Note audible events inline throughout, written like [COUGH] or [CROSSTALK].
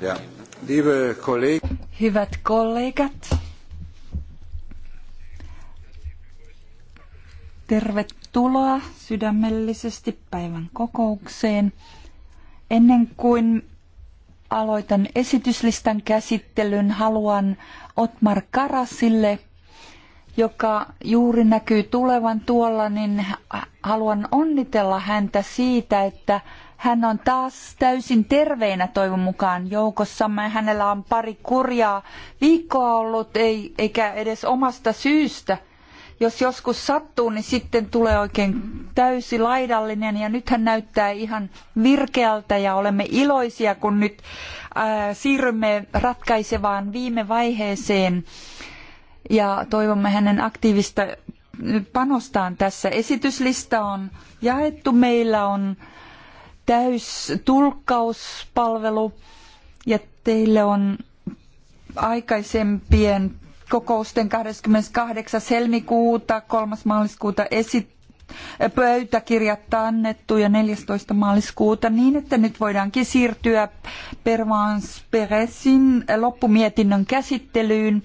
Ja. Liebe Kollegen. Hyvät kollegat, tervetuloa sydämellisesti päivän kokoukseen. Ennen kuin aloitan esityslistan käsittelyn, haluan Otmar Karasille, joka juuri näkyy tulevan tuolla, niin haluan onnitella häntä siitä, että hän on taas täysin terveenä toivon mukaan joukossamme. Hänellä on pari kurjaa viikkoa ollut, ei, eikä edes omasta syystä. Jos joskus sattuu, niin sitten tulee oikein täysi laidallinen ja nyt hän näyttää ihan virkeältä ja olemme iloisia, kun nyt ää, siirrymme ratkaisevaan viime vaiheeseen ja toivomme hänen aktiivista panostaan tässä. Esityslista on jaettu, meillä on täystulkkauspalvelu ja teille on aikaisempien kokousten 28. helmikuuta, 3. maaliskuuta pöytäkirjat annettu ja 14. maaliskuuta niin, että nyt voidaankin siirtyä Pervans Peresin loppumietinnön käsittelyyn.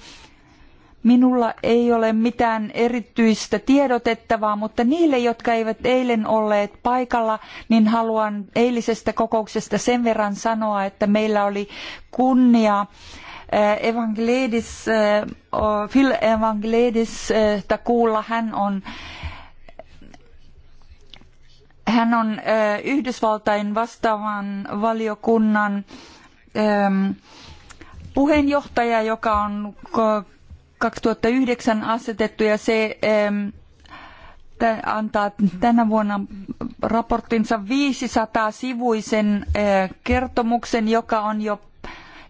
Minulla ei ole mitään erityistä tiedotettavaa, mutta niille, jotka eivät eilen olleet paikalla, niin haluan eilisestä kokouksesta sen verran sanoa, että meillä oli kunnia eh, Evangelidis, eh, Phil Evangelidis eh, kuulla. Hän on hän on Yhdysvaltain vastaavan valiokunnan puheenjohtaja, joka on 2009 asetettu ja se antaa tänä vuonna raporttinsa 500 sivuisen eh, kertomuksen, joka on jo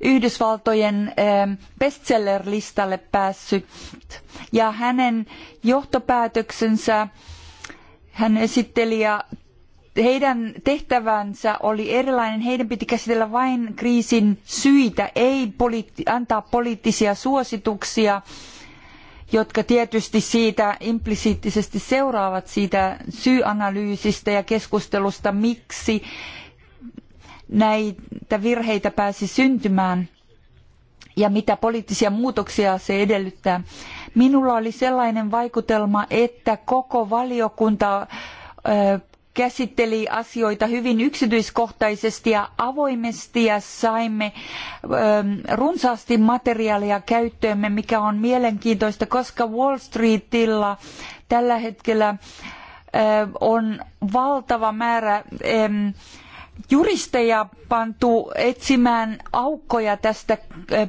Yhdysvaltojen bestseller-listalle päässyt. Ja hänen johtopäätöksensä hän esitteli ja heidän tehtävänsä oli erilainen. Heidän piti käsitellä vain kriisin syitä, ei antaa poliittisia suosituksia, jotka tietysti siitä implisiittisesti seuraavat siitä syyanalyysistä ja keskustelusta, miksi näitä virheitä pääsi syntymään ja mitä poliittisia muutoksia se edellyttää. Minulla oli sellainen vaikutelma, että koko valiokunta käsitteli asioita hyvin yksityiskohtaisesti ja avoimesti ja saimme ähm, runsaasti materiaalia käyttöömme, mikä on mielenkiintoista, koska Wall Streetillä tällä hetkellä äh, on valtava määrä ähm, juristeja pantu etsimään aukkoja tästä äh, äh,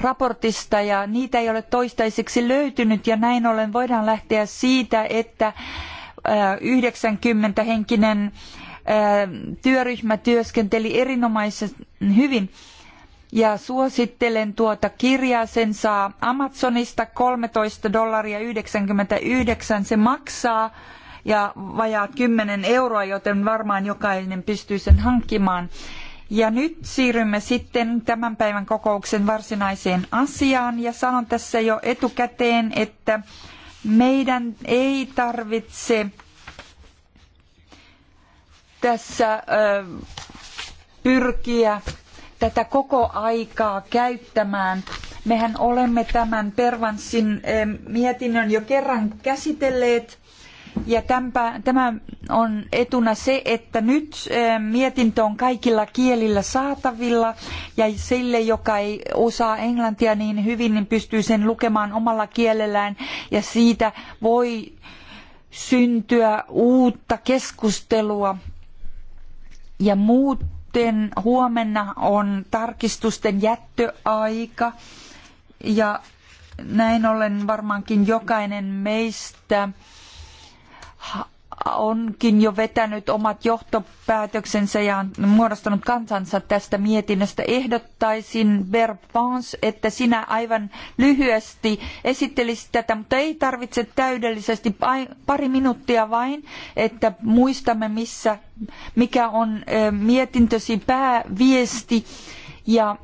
raportista ja niitä ei ole toistaiseksi löytynyt ja näin ollen voidaan lähteä siitä, että 90 henkinen äh, työryhmä työskenteli erinomaisen hyvin ja suosittelen tuota kirjaa. Sen saa Amazonista 13 dollaria 99 se maksaa ja vajaa 10 euroa, joten varmaan jokainen pystyy sen hankkimaan. Ja nyt siirrymme sitten tämän päivän kokouksen varsinaiseen asiaan ja sanon tässä jo etukäteen, että meidän ei tarvitse tässä pyrkiä tätä koko aikaa käyttämään. Mehän olemme tämän Pervansin mietinnön jo kerran käsitelleet ja tämä on etuna se, että nyt eh, mietintö on kaikilla kielillä saatavilla ja sille, joka ei osaa englantia niin hyvin, niin pystyy sen lukemaan omalla kielellään ja siitä voi syntyä uutta keskustelua. Ja muuten huomenna on tarkistusten jättöaika ja näin ollen varmaankin jokainen meistä onkin jo vetänyt omat johtopäätöksensä ja muodostanut kansansa tästä mietinnöstä. Ehdottaisin Berpans, että sinä aivan lyhyesti esittelisit tätä, mutta ei tarvitse täydellisesti, pari minuuttia vain, että muistamme missä, mikä on mietintösi pääviesti ja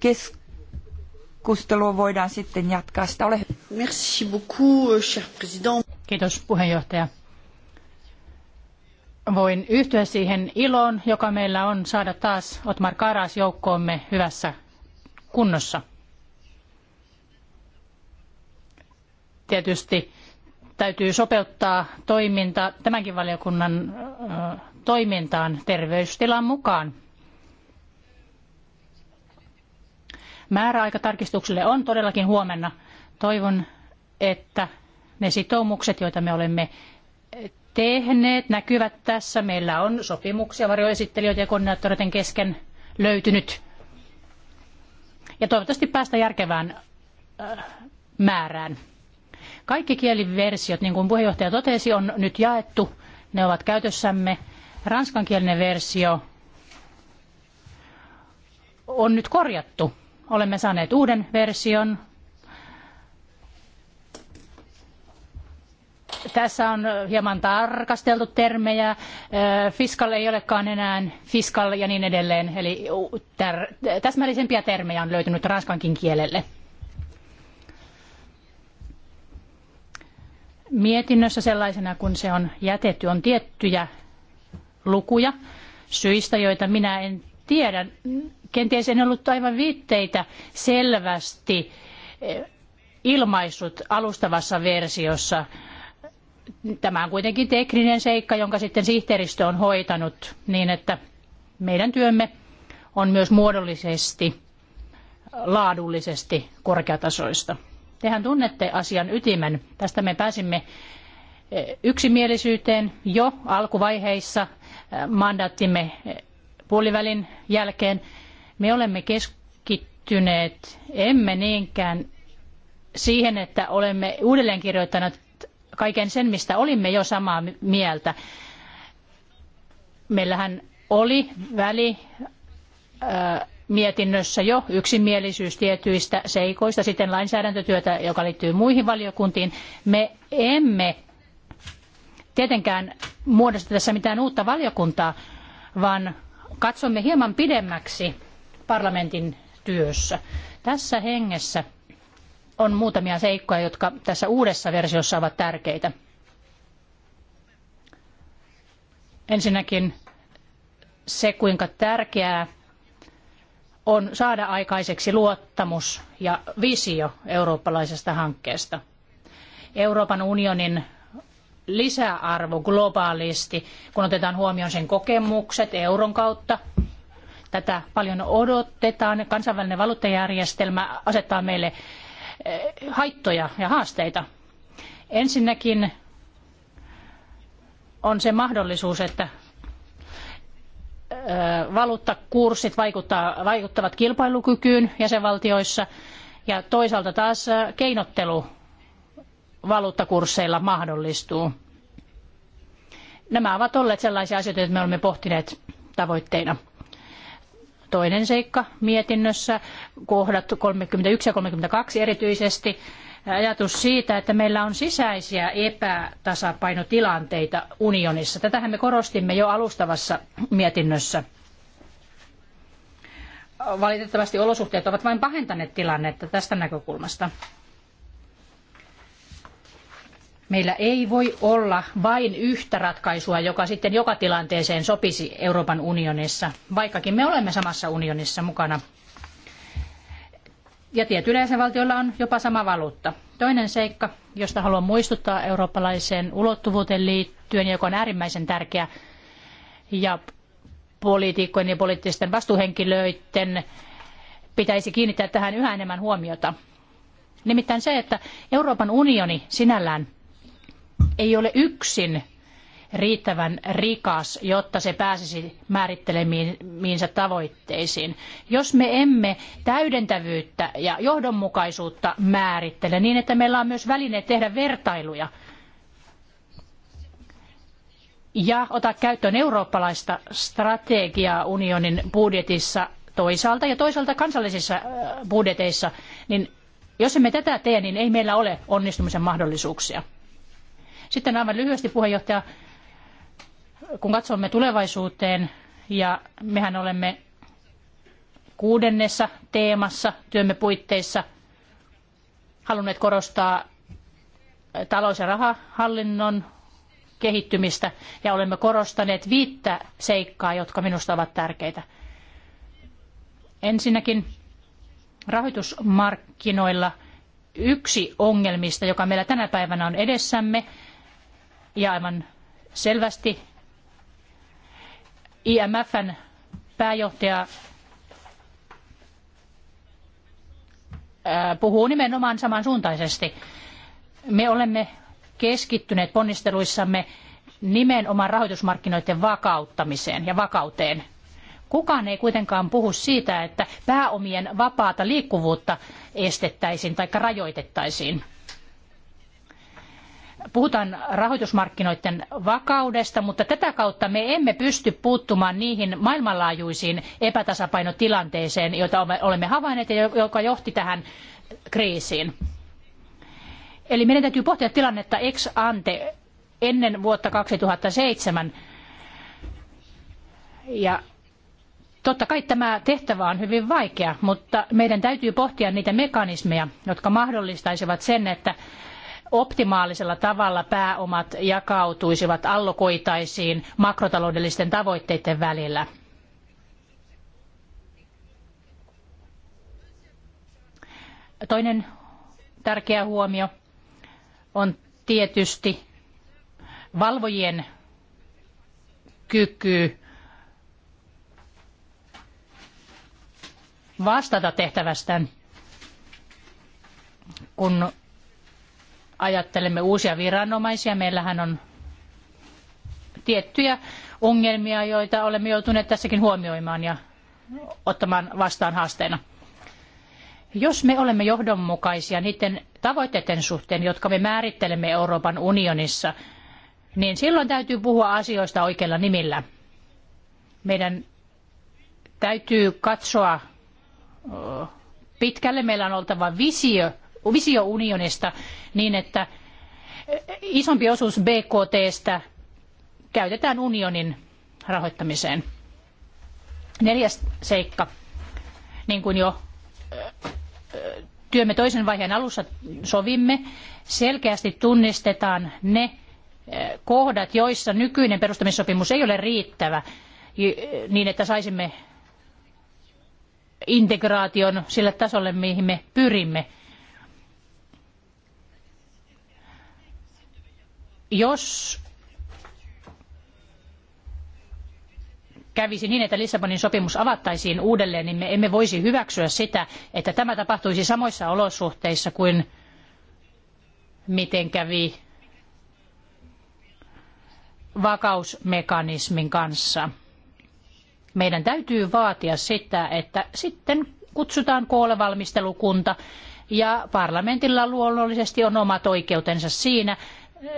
keskustelua voidaan sitten jatkaa. Sitä ole hyvä. Merci beaucoup, cher président. Kiitos puheenjohtaja. Voin yhtyä siihen iloon, joka meillä on saada taas Otmar Karas joukkoomme hyvässä kunnossa. Tietysti täytyy sopeuttaa toiminta tämänkin valiokunnan toimintaan terveystilan mukaan. Määräaika tarkistukselle on todellakin huomenna. Toivon, että ne sitoumukset, joita me olemme tehneet, näkyvät tässä. Meillä on sopimuksia varjoesittelijöiden ja koordinaattoreiden kesken löytynyt. Ja toivottavasti päästä järkevään äh, määrään. Kaikki kieliversiot, niin kuin puheenjohtaja totesi, on nyt jaettu. Ne ovat käytössämme. Ranskankielinen versio on nyt korjattu. Olemme saaneet uuden version Tässä on hieman tarkasteltu termejä. Fiskal ei olekaan enää fiskal ja niin edelleen. Eli täsmällisempiä termejä on löytynyt ranskankin kielelle. Mietinnössä sellaisena kuin se on jätetty on tiettyjä lukuja syistä, joita minä en tiedä. Kenties en ollut aivan viitteitä selvästi ilmaissut alustavassa versiossa Tämä on kuitenkin tekninen seikka, jonka sitten sihteeristö on hoitanut niin, että meidän työmme on myös muodollisesti, laadullisesti korkeatasoista. Tehän tunnette asian ytimen. Tästä me pääsimme eh, yksimielisyyteen jo alkuvaiheissa eh, mandaattimme eh, puolivälin jälkeen. Me olemme keskittyneet emme niinkään siihen, että olemme uudelleen kirjoittaneet kaiken sen, mistä olimme jo samaa mieltä. Meillähän oli väli mietinnössä jo yksimielisyys tietyistä seikoista, sitten lainsäädäntötyötä, joka liittyy muihin valiokuntiin. Me emme tietenkään muodosta tässä mitään uutta valiokuntaa, vaan katsomme hieman pidemmäksi parlamentin työssä. Tässä hengessä on muutamia seikkoja, jotka tässä uudessa versiossa ovat tärkeitä. Ensinnäkin se, kuinka tärkeää on saada aikaiseksi luottamus ja visio eurooppalaisesta hankkeesta. Euroopan unionin lisäarvo globaalisti, kun otetaan huomioon sen kokemukset euron kautta. Tätä paljon odotetaan. Kansainvälinen valuuttajärjestelmä asettaa meille Eh, haittoja ja haasteita. Ensinnäkin on se mahdollisuus, että eh, valuuttakurssit vaikuttavat kilpailukykyyn jäsenvaltioissa ja toisaalta taas eh, keinottelu valuuttakursseilla mahdollistuu. Nämä ovat olleet sellaisia asioita, joita me olemme pohtineet tavoitteina. Toinen seikka mietinnössä, kohdat 31 ja 32 erityisesti, ajatus siitä, että meillä on sisäisiä epätasapainotilanteita unionissa. Tätähän me korostimme jo alustavassa mietinnössä. Valitettavasti olosuhteet ovat vain pahentaneet tilannetta tästä näkökulmasta. Meillä ei voi olla vain yhtä ratkaisua, joka sitten joka tilanteeseen sopisi Euroopan unionissa, vaikkakin me olemme samassa unionissa mukana. Ja tietyillä jäsenvaltioilla on jopa sama valuutta. Toinen seikka, josta haluan muistuttaa eurooppalaiseen ulottuvuuteen liittyen, joka on äärimmäisen tärkeä, ja poliitikkojen ja poliittisten vastuuhenkilöiden pitäisi kiinnittää tähän yhä enemmän huomiota. Nimittäin se, että Euroopan unioni sinällään ei ole yksin riittävän rikas, jotta se pääsisi määrittelemiinsä tavoitteisiin. Jos me emme täydentävyyttä ja johdonmukaisuutta määrittele niin, että meillä on myös välineet tehdä vertailuja ja ottaa käyttöön eurooppalaista strategiaa unionin budjetissa toisaalta ja toisaalta kansallisissa budjeteissa, niin jos emme tätä tee, niin ei meillä ole onnistumisen mahdollisuuksia. Sitten aivan lyhyesti puheenjohtaja, kun katsomme tulevaisuuteen, ja mehän olemme kuudennessa teemassa työmme puitteissa halunneet korostaa talous- ja rahahallinnon kehittymistä ja olemme korostaneet viittä seikkaa, jotka minusta ovat tärkeitä. Ensinnäkin rahoitusmarkkinoilla yksi ongelmista, joka meillä tänä päivänä on edessämme, ja aivan selvästi IMFn pääjohtaja puhuu nimenomaan samansuuntaisesti. Me olemme keskittyneet ponnisteluissamme nimenomaan rahoitusmarkkinoiden vakauttamiseen ja vakauteen. Kukaan ei kuitenkaan puhu siitä, että pääomien vapaata liikkuvuutta estettäisiin tai rajoitettaisiin puhutaan rahoitusmarkkinoiden vakaudesta, mutta tätä kautta me emme pysty puuttumaan niihin maailmanlaajuisiin epätasapainotilanteeseen, joita olemme havainneet ja joka johti tähän kriisiin. Eli meidän täytyy pohtia tilannetta ex ante ennen vuotta 2007. Ja totta kai tämä tehtävä on hyvin vaikea, mutta meidän täytyy pohtia niitä mekanismeja, jotka mahdollistaisivat sen, että optimaalisella tavalla pääomat jakautuisivat, allokoitaisiin makrotaloudellisten tavoitteiden välillä. Toinen tärkeä huomio on tietysti valvojien kyky vastata tehtävästään, kun ajattelemme uusia viranomaisia, meillähän on tiettyjä ongelmia, joita olemme joutuneet tässäkin huomioimaan ja ottamaan vastaan haasteena. Jos me olemme johdonmukaisia niiden tavoitteiden suhteen, jotka me määrittelemme Euroopan unionissa, niin silloin täytyy puhua asioista oikeilla nimillä. Meidän täytyy katsoa pitkälle. Meillä on oltava visio visiounionista niin, että isompi osuus BKTstä käytetään unionin rahoittamiseen. Neljäs seikka, niin kuin jo työmme toisen vaiheen alussa sovimme, selkeästi tunnistetaan ne kohdat, joissa nykyinen perustamissopimus ei ole riittävä niin, että saisimme integraation sille tasolle, mihin me pyrimme. Jos kävisi niin, että Lissabonin sopimus avattaisiin uudelleen, niin me emme voisi hyväksyä sitä, että tämä tapahtuisi samoissa olosuhteissa kuin miten kävi vakausmekanismin kanssa. Meidän täytyy vaatia sitä, että sitten kutsutaan koolle valmistelukunta ja parlamentilla luonnollisesti on omat oikeutensa siinä,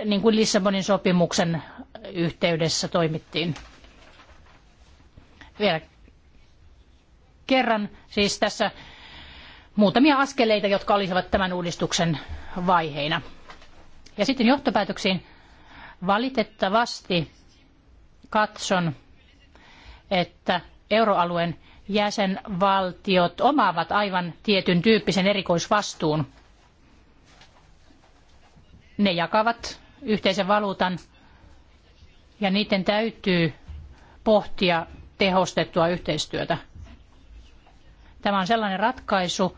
niin kuin Lissabonin sopimuksen yhteydessä toimittiin. Vielä kerran siis tässä muutamia askeleita, jotka olisivat tämän uudistuksen vaiheina. Ja sitten johtopäätöksiin. Valitettavasti katson, että euroalueen jäsenvaltiot omaavat aivan tietyn tyyppisen erikoisvastuun ne jakavat yhteisen valuutan ja niiden täytyy pohtia tehostettua yhteistyötä. Tämä on sellainen ratkaisu,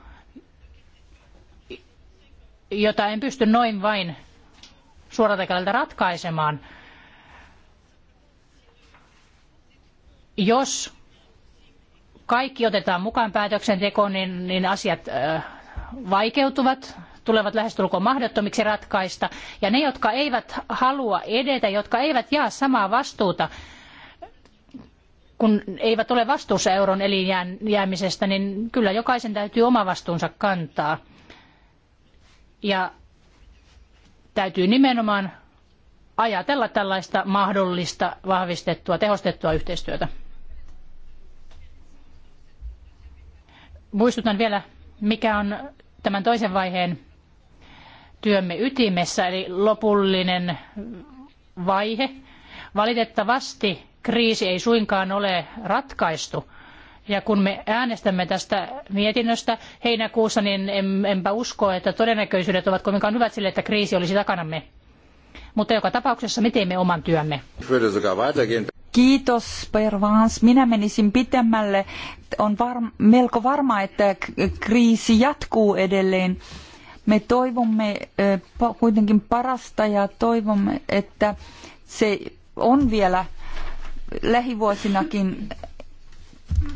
jota en pysty noin vain suoratekäältä ratkaisemaan. Jos kaikki otetaan mukaan päätöksentekoon, niin, niin asiat äh, vaikeutuvat, tulevat lähestulkoon mahdottomiksi ratkaista. Ja ne, jotka eivät halua edetä, jotka eivät jaa samaa vastuuta, kun eivät ole vastuussa euron elinjäämisestä, niin kyllä jokaisen täytyy oma vastuunsa kantaa. Ja täytyy nimenomaan ajatella tällaista mahdollista vahvistettua, tehostettua yhteistyötä. Muistutan vielä, mikä on tämän toisen vaiheen työmme ytimessä, eli lopullinen vaihe. Valitettavasti kriisi ei suinkaan ole ratkaistu. Ja kun me äänestämme tästä mietinnöstä heinäkuussa, niin en, enpä usko, että todennäköisyydet ovat kovinkaan hyvät sille, että kriisi olisi takanamme. Mutta joka tapauksessa me teemme oman työmme. Kiitos Pervans. Minä menisin pitemmälle. On var melko varma, että kriisi jatkuu edelleen. Me toivomme kuitenkin parasta ja toivomme, että se on vielä lähivuosinakin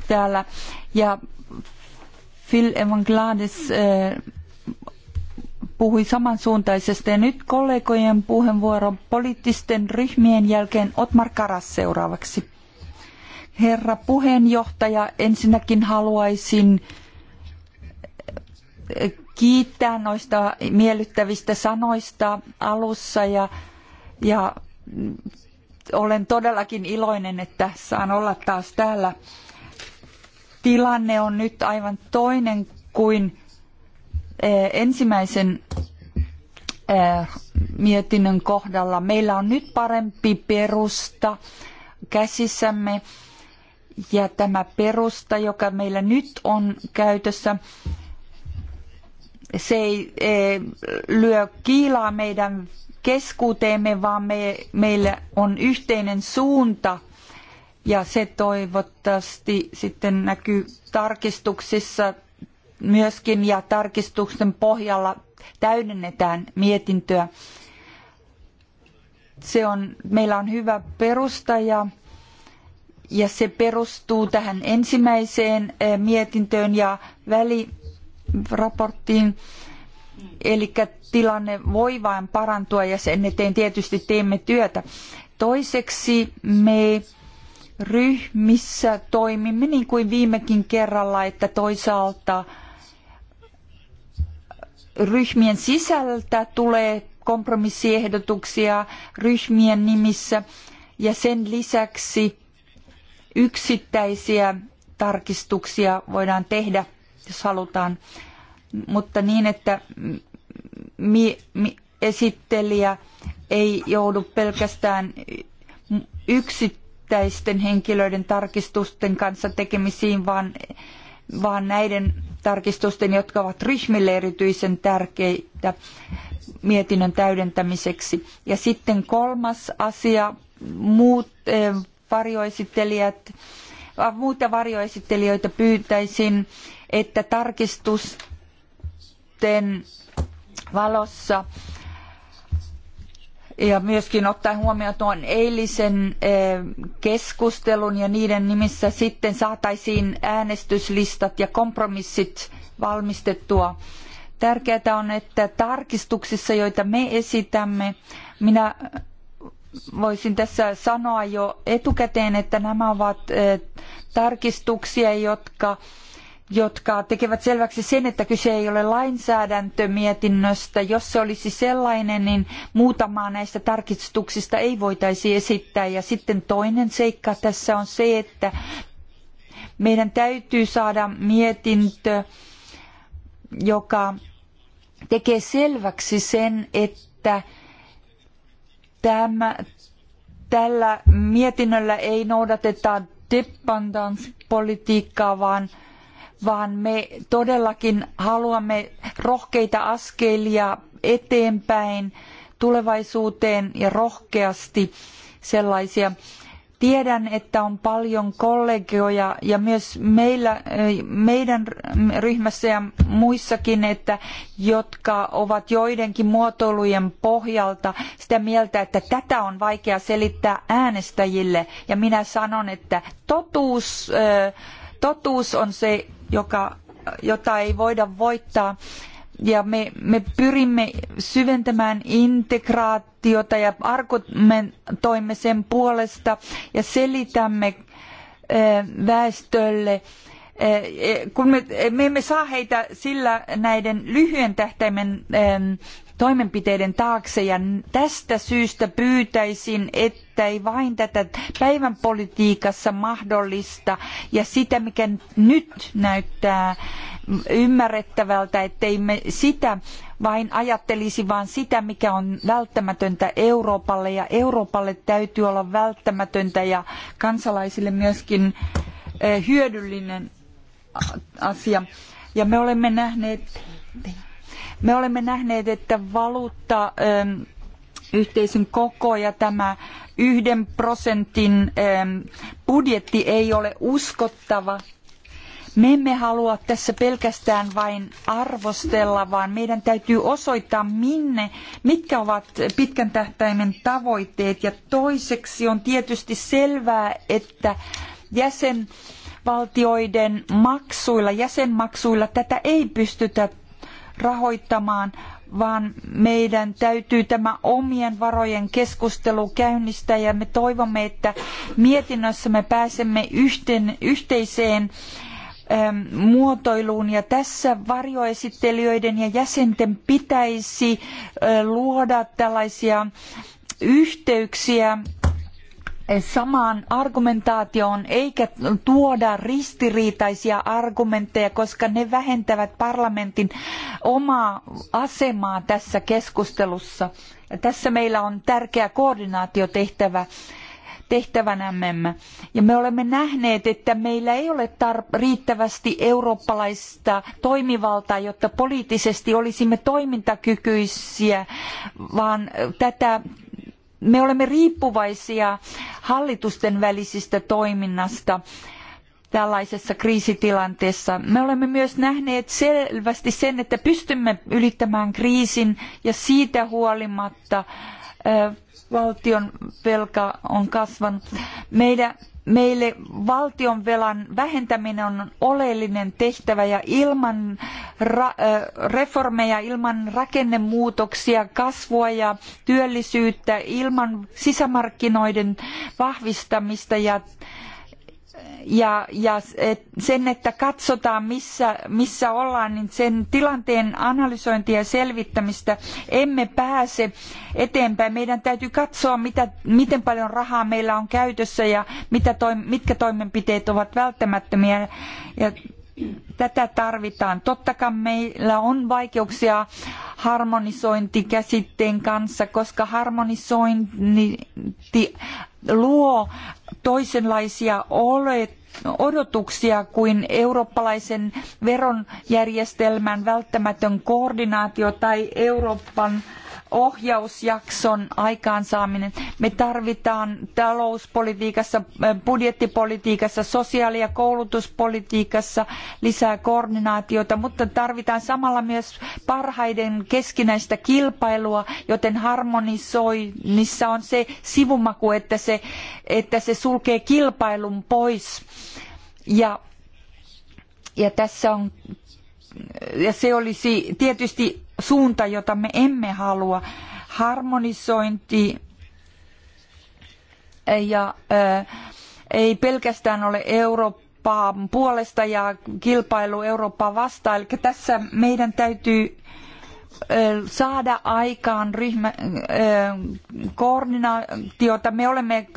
täällä. Ja Phil Evangeladis puhui samansuuntaisesti. Ja nyt kollegojen puheenvuoro poliittisten ryhmien jälkeen Otmar Karas seuraavaksi. Herra puheenjohtaja, ensinnäkin haluaisin kiittää noista miellyttävistä sanoista alussa ja, ja olen todellakin iloinen, että saan olla taas täällä. Tilanne on nyt aivan toinen kuin eh, ensimmäisen eh, mietinnön kohdalla. Meillä on nyt parempi perusta käsissämme ja tämä perusta, joka meillä nyt on käytössä, se ei e, lyö kiilaa meidän keskuuteemme, vaan me, meillä on yhteinen suunta ja se toivottavasti sitten näkyy tarkistuksissa myöskin ja tarkistuksen pohjalla täydennetään mietintöä. Se on, meillä on hyvä perusta ja, ja se perustuu tähän ensimmäiseen e, mietintöön ja väli raporttiin. Eli tilanne voi vain parantua ja sen eteen tietysti teemme työtä. Toiseksi me ryhmissä toimimme niin kuin viimekin kerralla, että toisaalta ryhmien sisältä tulee kompromissiehdotuksia ryhmien nimissä ja sen lisäksi yksittäisiä tarkistuksia voidaan tehdä jos halutaan, mutta niin, että mi, mi, esittelijä ei joudu pelkästään yksittäisten henkilöiden tarkistusten kanssa tekemisiin, vaan, vaan näiden tarkistusten, jotka ovat ryhmille erityisen tärkeitä mietinnön täydentämiseksi. Ja sitten kolmas asia, muut eh, varjoesittelijät, muita varjoesittelijöitä pyytäisin että tarkistusten valossa ja myöskin ottaen huomioon tuon eilisen eh, keskustelun ja niiden nimissä sitten saataisiin äänestyslistat ja kompromissit valmistettua. Tärkeää on, että tarkistuksissa, joita me esitämme, minä voisin tässä sanoa jo etukäteen, että nämä ovat eh, tarkistuksia, jotka jotka tekevät selväksi sen, että kyse ei ole lainsäädäntömietinnöstä. Jos se olisi sellainen, niin muutamaa näistä tarkistuksista ei voitaisi esittää. Ja sitten toinen seikka tässä on se, että meidän täytyy saada mietintö, joka tekee selväksi sen, että tämä, tällä mietinnöllä ei noudateta dependence-politiikkaa, vaan – vaan me todellakin haluamme rohkeita askelia eteenpäin tulevaisuuteen ja rohkeasti sellaisia. Tiedän, että on paljon kollegoja ja myös meillä, meidän ryhmässä ja muissakin, että jotka ovat joidenkin muotoilujen pohjalta sitä mieltä, että tätä on vaikea selittää äänestäjille. Ja minä sanon, että totuus, totuus on se joka, jota ei voida voittaa. Ja me, me pyrimme syventämään integraatiota ja argumentoimme sen puolesta ja selitämme eh, väestölle, eh, eh, kun me, me emme saa heitä sillä näiden lyhyen tähtäimen toimenpiteiden taakse ja tästä syystä pyytäisin, että ei vain tätä päivän politiikassa mahdollista ja sitä, mikä nyt näyttää ymmärrettävältä, ettei me sitä vain ajattelisi, vaan sitä, mikä on välttämätöntä Euroopalle ja Euroopalle täytyy olla välttämätöntä ja kansalaisille myöskin eh, hyödyllinen asia. Ja me olemme nähneet me olemme nähneet, että valuutta ähm, yhteisön koko ja tämä yhden prosentin ähm, budjetti ei ole uskottava. Me emme halua tässä pelkästään vain arvostella, vaan meidän täytyy osoittaa minne, mitkä ovat pitkän tähtäimen tavoitteet. Ja toiseksi on tietysti selvää, että jäsenvaltioiden maksuilla, jäsenmaksuilla tätä ei pystytä rahoittamaan, vaan meidän täytyy tämä omien varojen keskustelu käynnistää ja me toivomme, että mietinnössä me pääsemme yhteen, yhteiseen ähm, muotoiluun ja tässä varjoesittelijöiden ja jäsenten pitäisi äh, luoda tällaisia yhteyksiä samaan argumentaatioon eikä tuoda ristiriitaisia argumentteja, koska ne vähentävät parlamentin omaa asemaa tässä keskustelussa. Ja tässä meillä on tärkeä koordinaatiotehtävä tehtävänämme. Ja me olemme nähneet, että meillä ei ole riittävästi eurooppalaista toimivaltaa, jotta poliittisesti olisimme toimintakykyisiä, vaan tätä me olemme riippuvaisia hallitusten välisistä toiminnasta tällaisessa kriisitilanteessa. Me olemme myös nähneet selvästi sen, että pystymme ylittämään kriisin ja siitä huolimatta valtion velka on kasvanut. Meidän Meille valtionvelan vähentäminen on oleellinen tehtävä ja ilman reformeja, ilman rakennemuutoksia, kasvua ja työllisyyttä, ilman sisämarkkinoiden vahvistamista ja ja, ja sen, että katsotaan missä, missä ollaan, niin sen tilanteen analysointia ja selvittämistä emme pääse eteenpäin. Meidän täytyy katsoa, mitä, miten paljon rahaa meillä on käytössä ja mitä toi, mitkä toimenpiteet ovat välttämättömiä. Ja tätä tarvitaan. Totta kai meillä on vaikeuksia harmonisointikäsitteen kanssa, koska harmonisointi luo toisenlaisia olet odotuksia kuin eurooppalaisen veronjärjestelmän välttämätön koordinaatio tai Euroopan ohjausjakson aikaansaaminen. Me tarvitaan talouspolitiikassa, budjettipolitiikassa, sosiaali- ja koulutuspolitiikassa lisää koordinaatiota, mutta tarvitaan samalla myös parhaiden keskinäistä kilpailua, joten harmonisoinnissa on se sivumaku, että se, että se sulkee kilpailun pois. Ja, ja tässä on ja se olisi tietysti suunta, jota me emme halua. Harmonisointi ja ei pelkästään ole Euroopan puolesta ja kilpailu Eurooppaa vastaan. Eli tässä meidän täytyy saada aikaan ryhmä, koordinaatiota. Me olemme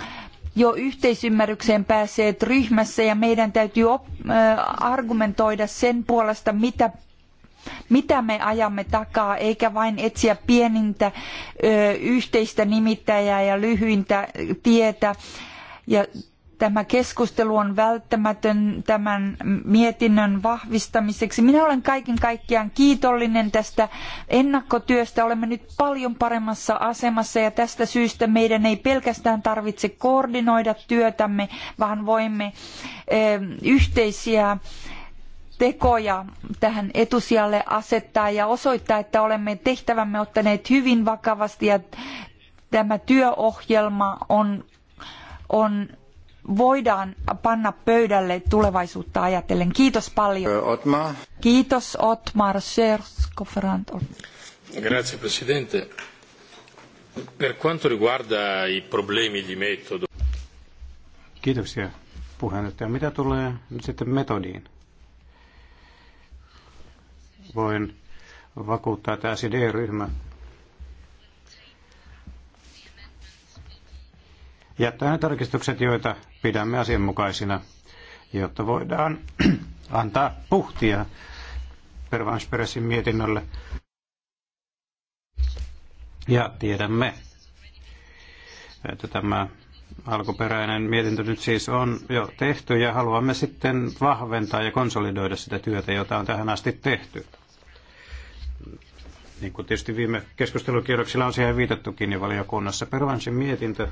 jo yhteisymmärrykseen päässeet ryhmässä ja meidän täytyy argumentoida sen puolesta, mitä mitä me ajamme takaa, eikä vain etsiä pienintä ö, yhteistä nimittäjää ja lyhyintä tietä. Ja tämä keskustelu on välttämätön tämän mietinnön vahvistamiseksi. Minä olen kaiken kaikkiaan kiitollinen tästä ennakkotyöstä. Olemme nyt paljon paremmassa asemassa ja tästä syystä meidän ei pelkästään tarvitse koordinoida työtämme, vaan voimme yhteisiä tekoja tähän etusijalle asettaa ja osoittaa, että olemme tehtävämme ottaneet hyvin vakavasti ja tämä työohjelma on, on voidaan panna pöydälle tulevaisuutta ajatellen. Kiitos paljon. Otmar. Kiitos Otmar Serskoferanto. Grazie Presidente. Per quanto riguarda i problemi di metodo. Kiitoksia puheenjohtaja. Mitä tulee sitten metodiin? voin vakuuttaa, että SID-ryhmä jättää ne tarkistukset, joita pidämme asianmukaisina, jotta voidaan [CLEARS THROAT] antaa puhtia Pervansperessin mietinnölle. Ja tiedämme, että tämä alkuperäinen mietintö nyt siis on jo tehty ja haluamme sitten vahventaa ja konsolidoida sitä työtä, jota on tähän asti tehty. Niin kuin tietysti viime keskustelukierroksilla on siihen viitattukin niin valiokunnassa, Pervansin mietintö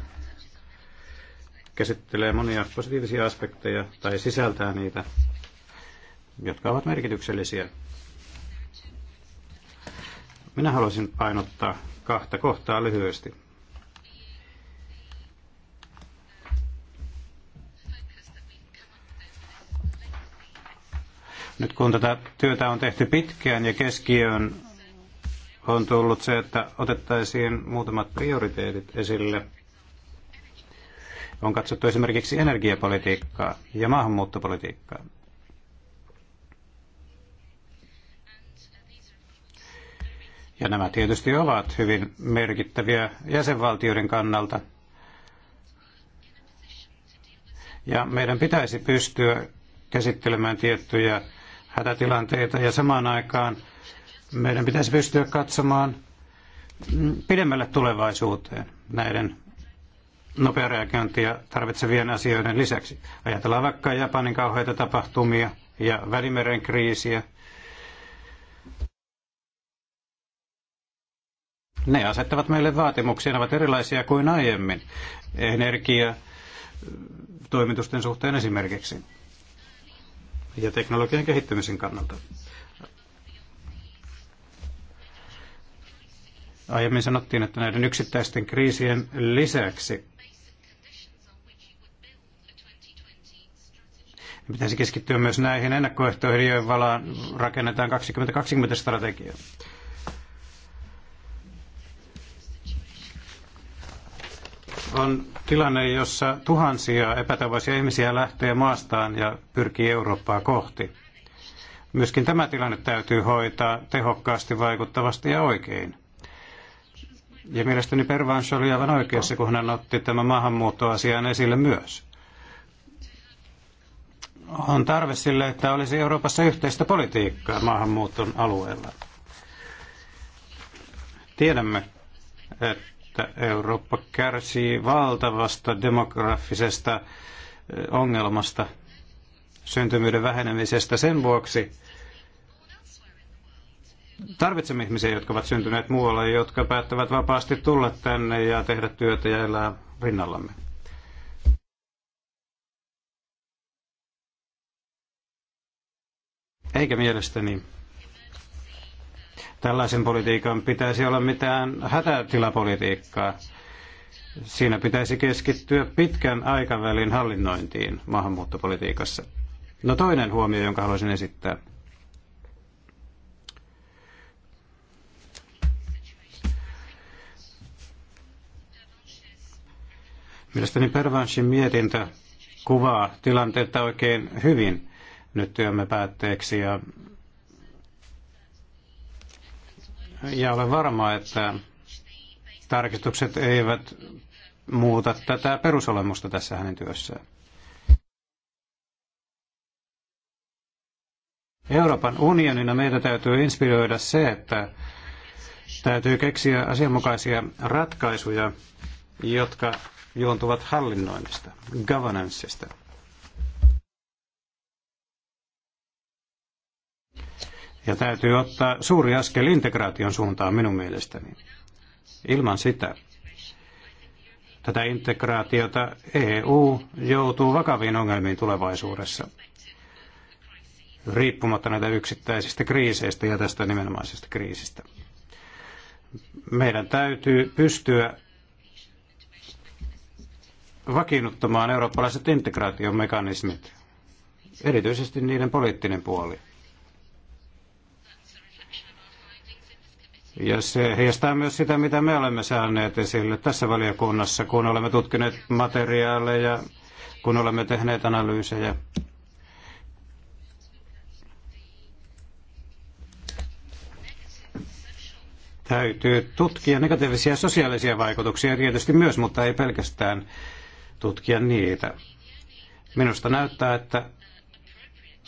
käsittelee monia positiivisia aspekteja tai sisältää niitä, jotka ovat merkityksellisiä. Minä haluaisin painottaa kahta kohtaa lyhyesti. Nyt kun tätä työtä on tehty pitkään ja keskiöön on tullut se, että otettaisiin muutamat prioriteetit esille. On katsottu esimerkiksi energiapolitiikkaa ja maahanmuuttopolitiikkaa. Ja nämä tietysti ovat hyvin merkittäviä jäsenvaltioiden kannalta. Ja meidän pitäisi pystyä käsittelemään tiettyjä hätätilanteita ja samaan aikaan meidän pitäisi pystyä katsomaan pidemmälle tulevaisuuteen näiden nopea reagointia tarvitsevien asioiden lisäksi. Ajatellaan vaikka Japanin kauheita tapahtumia ja Välimeren kriisiä. Ne asettavat meille vaatimuksia, ne ovat erilaisia kuin aiemmin energia toimitusten suhteen esimerkiksi ja teknologian kehittymisen kannalta. Aiemmin sanottiin, että näiden yksittäisten kriisien lisäksi pitäisi keskittyä myös näihin ennakkoehtoihin, joiden valaan rakennetaan 2020 strategiaa. On tilanne, jossa tuhansia epätavoisia ihmisiä lähtee maastaan ja pyrkii Eurooppaa kohti. Myöskin tämä tilanne täytyy hoitaa tehokkaasti, vaikuttavasti ja oikein. Ja mielestäni Pervans oli aivan oikeassa, kun hän otti tämän maahanmuuttoasian esille myös. On tarve sille, että olisi Euroopassa yhteistä politiikkaa maahanmuuton alueella. Tiedämme, että Eurooppa kärsii valtavasta demografisesta ongelmasta, syntymyyden vähenemisestä sen vuoksi, Tarvitsemme ihmisiä, jotka ovat syntyneet muualla, jotka päättävät vapaasti tulla tänne ja tehdä työtä ja elää rinnallamme. Eikä mielestäni tällaisen politiikan pitäisi olla mitään hätätilapolitiikkaa. Siinä pitäisi keskittyä pitkän aikavälin hallinnointiin maahanmuuttopolitiikassa. No toinen huomio, jonka haluaisin esittää. Mielestäni Pervanssin mietintö kuvaa tilannetta oikein hyvin nyt työmme päätteeksi ja, ja olen varma, että tarkistukset eivät muuta tätä perusolemusta tässä hänen työssään. Euroopan unionina meitä täytyy inspiroida se, että täytyy keksiä asianmukaisia ratkaisuja, jotka juontuvat hallinnoinnista, governanceista. Ja täytyy ottaa suuri askel integraation suuntaan minun mielestäni. Ilman sitä tätä integraatiota EU joutuu vakaviin ongelmiin tulevaisuudessa, riippumatta näitä yksittäisistä kriiseistä ja tästä nimenomaisesta kriisistä. Meidän täytyy pystyä vakiinnuttamaan eurooppalaiset integraatiomekanismit, erityisesti niiden poliittinen puoli. Ja se heijastaa myös sitä, mitä me olemme saaneet esille tässä valiokunnassa, kun olemme tutkineet materiaaleja, kun olemme tehneet analyysejä. Täytyy tutkia negatiivisia sosiaalisia vaikutuksia tietysti myös, mutta ei pelkästään tutkia niitä. Minusta näyttää, että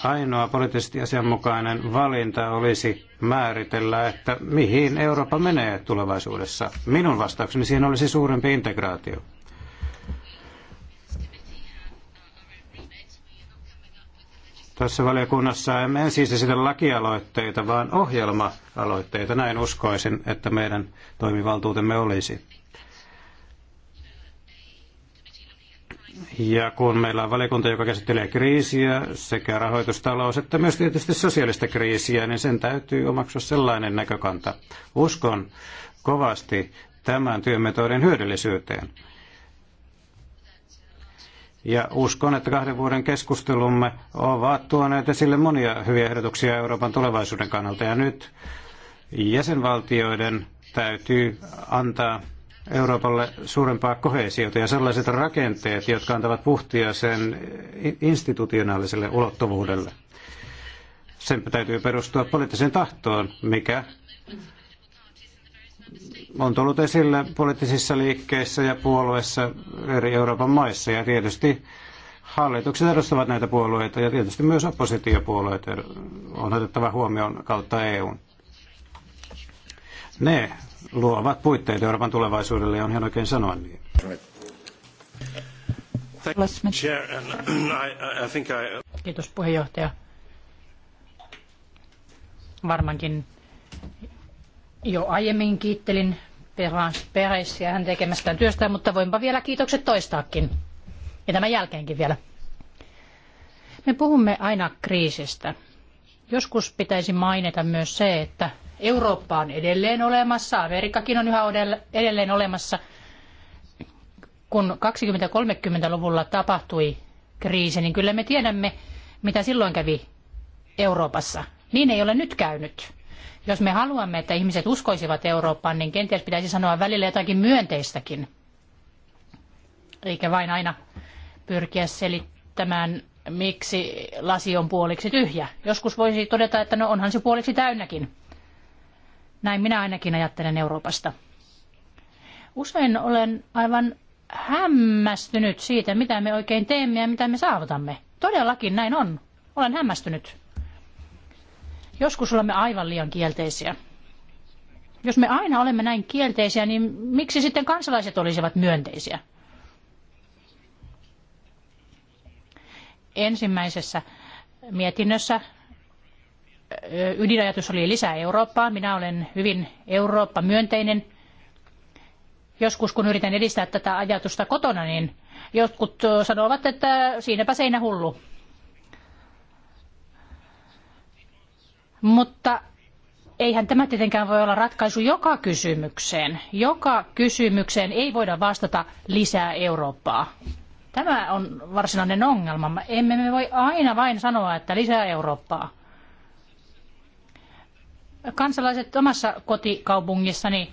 ainoa poliittisesti asianmukainen valinta olisi määritellä, että mihin Eurooppa menee tulevaisuudessa. Minun vastaukseni siihen olisi suurempi integraatio. Tässä valiokunnassa emme en siis esitä lakialoitteita, vaan ohjelma-aloitteita. Näin uskoisin, että meidän toimivaltuutemme olisi. Ja kun meillä on valiokunta, joka käsittelee kriisiä, sekä rahoitustalous että myös tietysti sosiaalista kriisiä, niin sen täytyy omaksua sellainen näkökanta. Uskon kovasti tämän työmetodin hyödyllisyyteen. Ja uskon, että kahden vuoden keskustelumme ovat tuoneet esille monia hyviä ehdotuksia Euroopan tulevaisuuden kannalta. Ja nyt jäsenvaltioiden täytyy antaa Euroopalle suurempaa kohesiota ja sellaiset rakenteet, jotka antavat puhtia sen institutionaaliselle ulottuvuudelle. Sen täytyy perustua poliittiseen tahtoon, mikä on tullut esille poliittisissa liikkeissä ja puolueissa eri Euroopan maissa ja tietysti hallitukset edustavat näitä puolueita ja tietysti myös oppositiopuolueet on otettava huomioon kautta EUn. Ne luovat puitteet Euroopan tulevaisuudelle ja on ihan oikein sanoa niin. Kiitos puheenjohtaja. Varmaankin jo aiemmin kiittelin Pereisiä hän tekemästään työstä, mutta voinpa vielä kiitokset toistaakin. Ja tämän jälkeenkin vielä. Me puhumme aina kriisistä. Joskus pitäisi mainita myös se, että Eurooppa on edelleen olemassa, Amerikkakin on yhä edelleen olemassa. Kun 20-30-luvulla tapahtui kriisi, niin kyllä me tiedämme, mitä silloin kävi Euroopassa. Niin ei ole nyt käynyt. Jos me haluamme, että ihmiset uskoisivat Eurooppaan, niin kenties pitäisi sanoa välillä jotakin myönteistäkin. Eikä vain aina pyrkiä selittämään, miksi lasi on puoliksi tyhjä. Joskus voisi todeta, että no onhan se puoliksi täynnäkin. Näin minä ainakin ajattelen Euroopasta. Usein olen aivan hämmästynyt siitä, mitä me oikein teemme ja mitä me saavutamme. Todellakin näin on. Olen hämmästynyt. Joskus olemme aivan liian kielteisiä. Jos me aina olemme näin kielteisiä, niin miksi sitten kansalaiset olisivat myönteisiä? Ensimmäisessä mietinnössä ydinajatus oli lisää Eurooppaa. Minä olen hyvin Eurooppa-myönteinen. Joskus kun yritän edistää tätä ajatusta kotona, niin jotkut sanovat, että siinäpä seinä hullu. Mutta eihän tämä tietenkään voi olla ratkaisu joka kysymykseen. Joka kysymykseen ei voida vastata lisää Eurooppaa. Tämä on varsinainen ongelma. Emme me voi aina vain sanoa, että lisää Eurooppaa kansalaiset omassa kotikaupungissani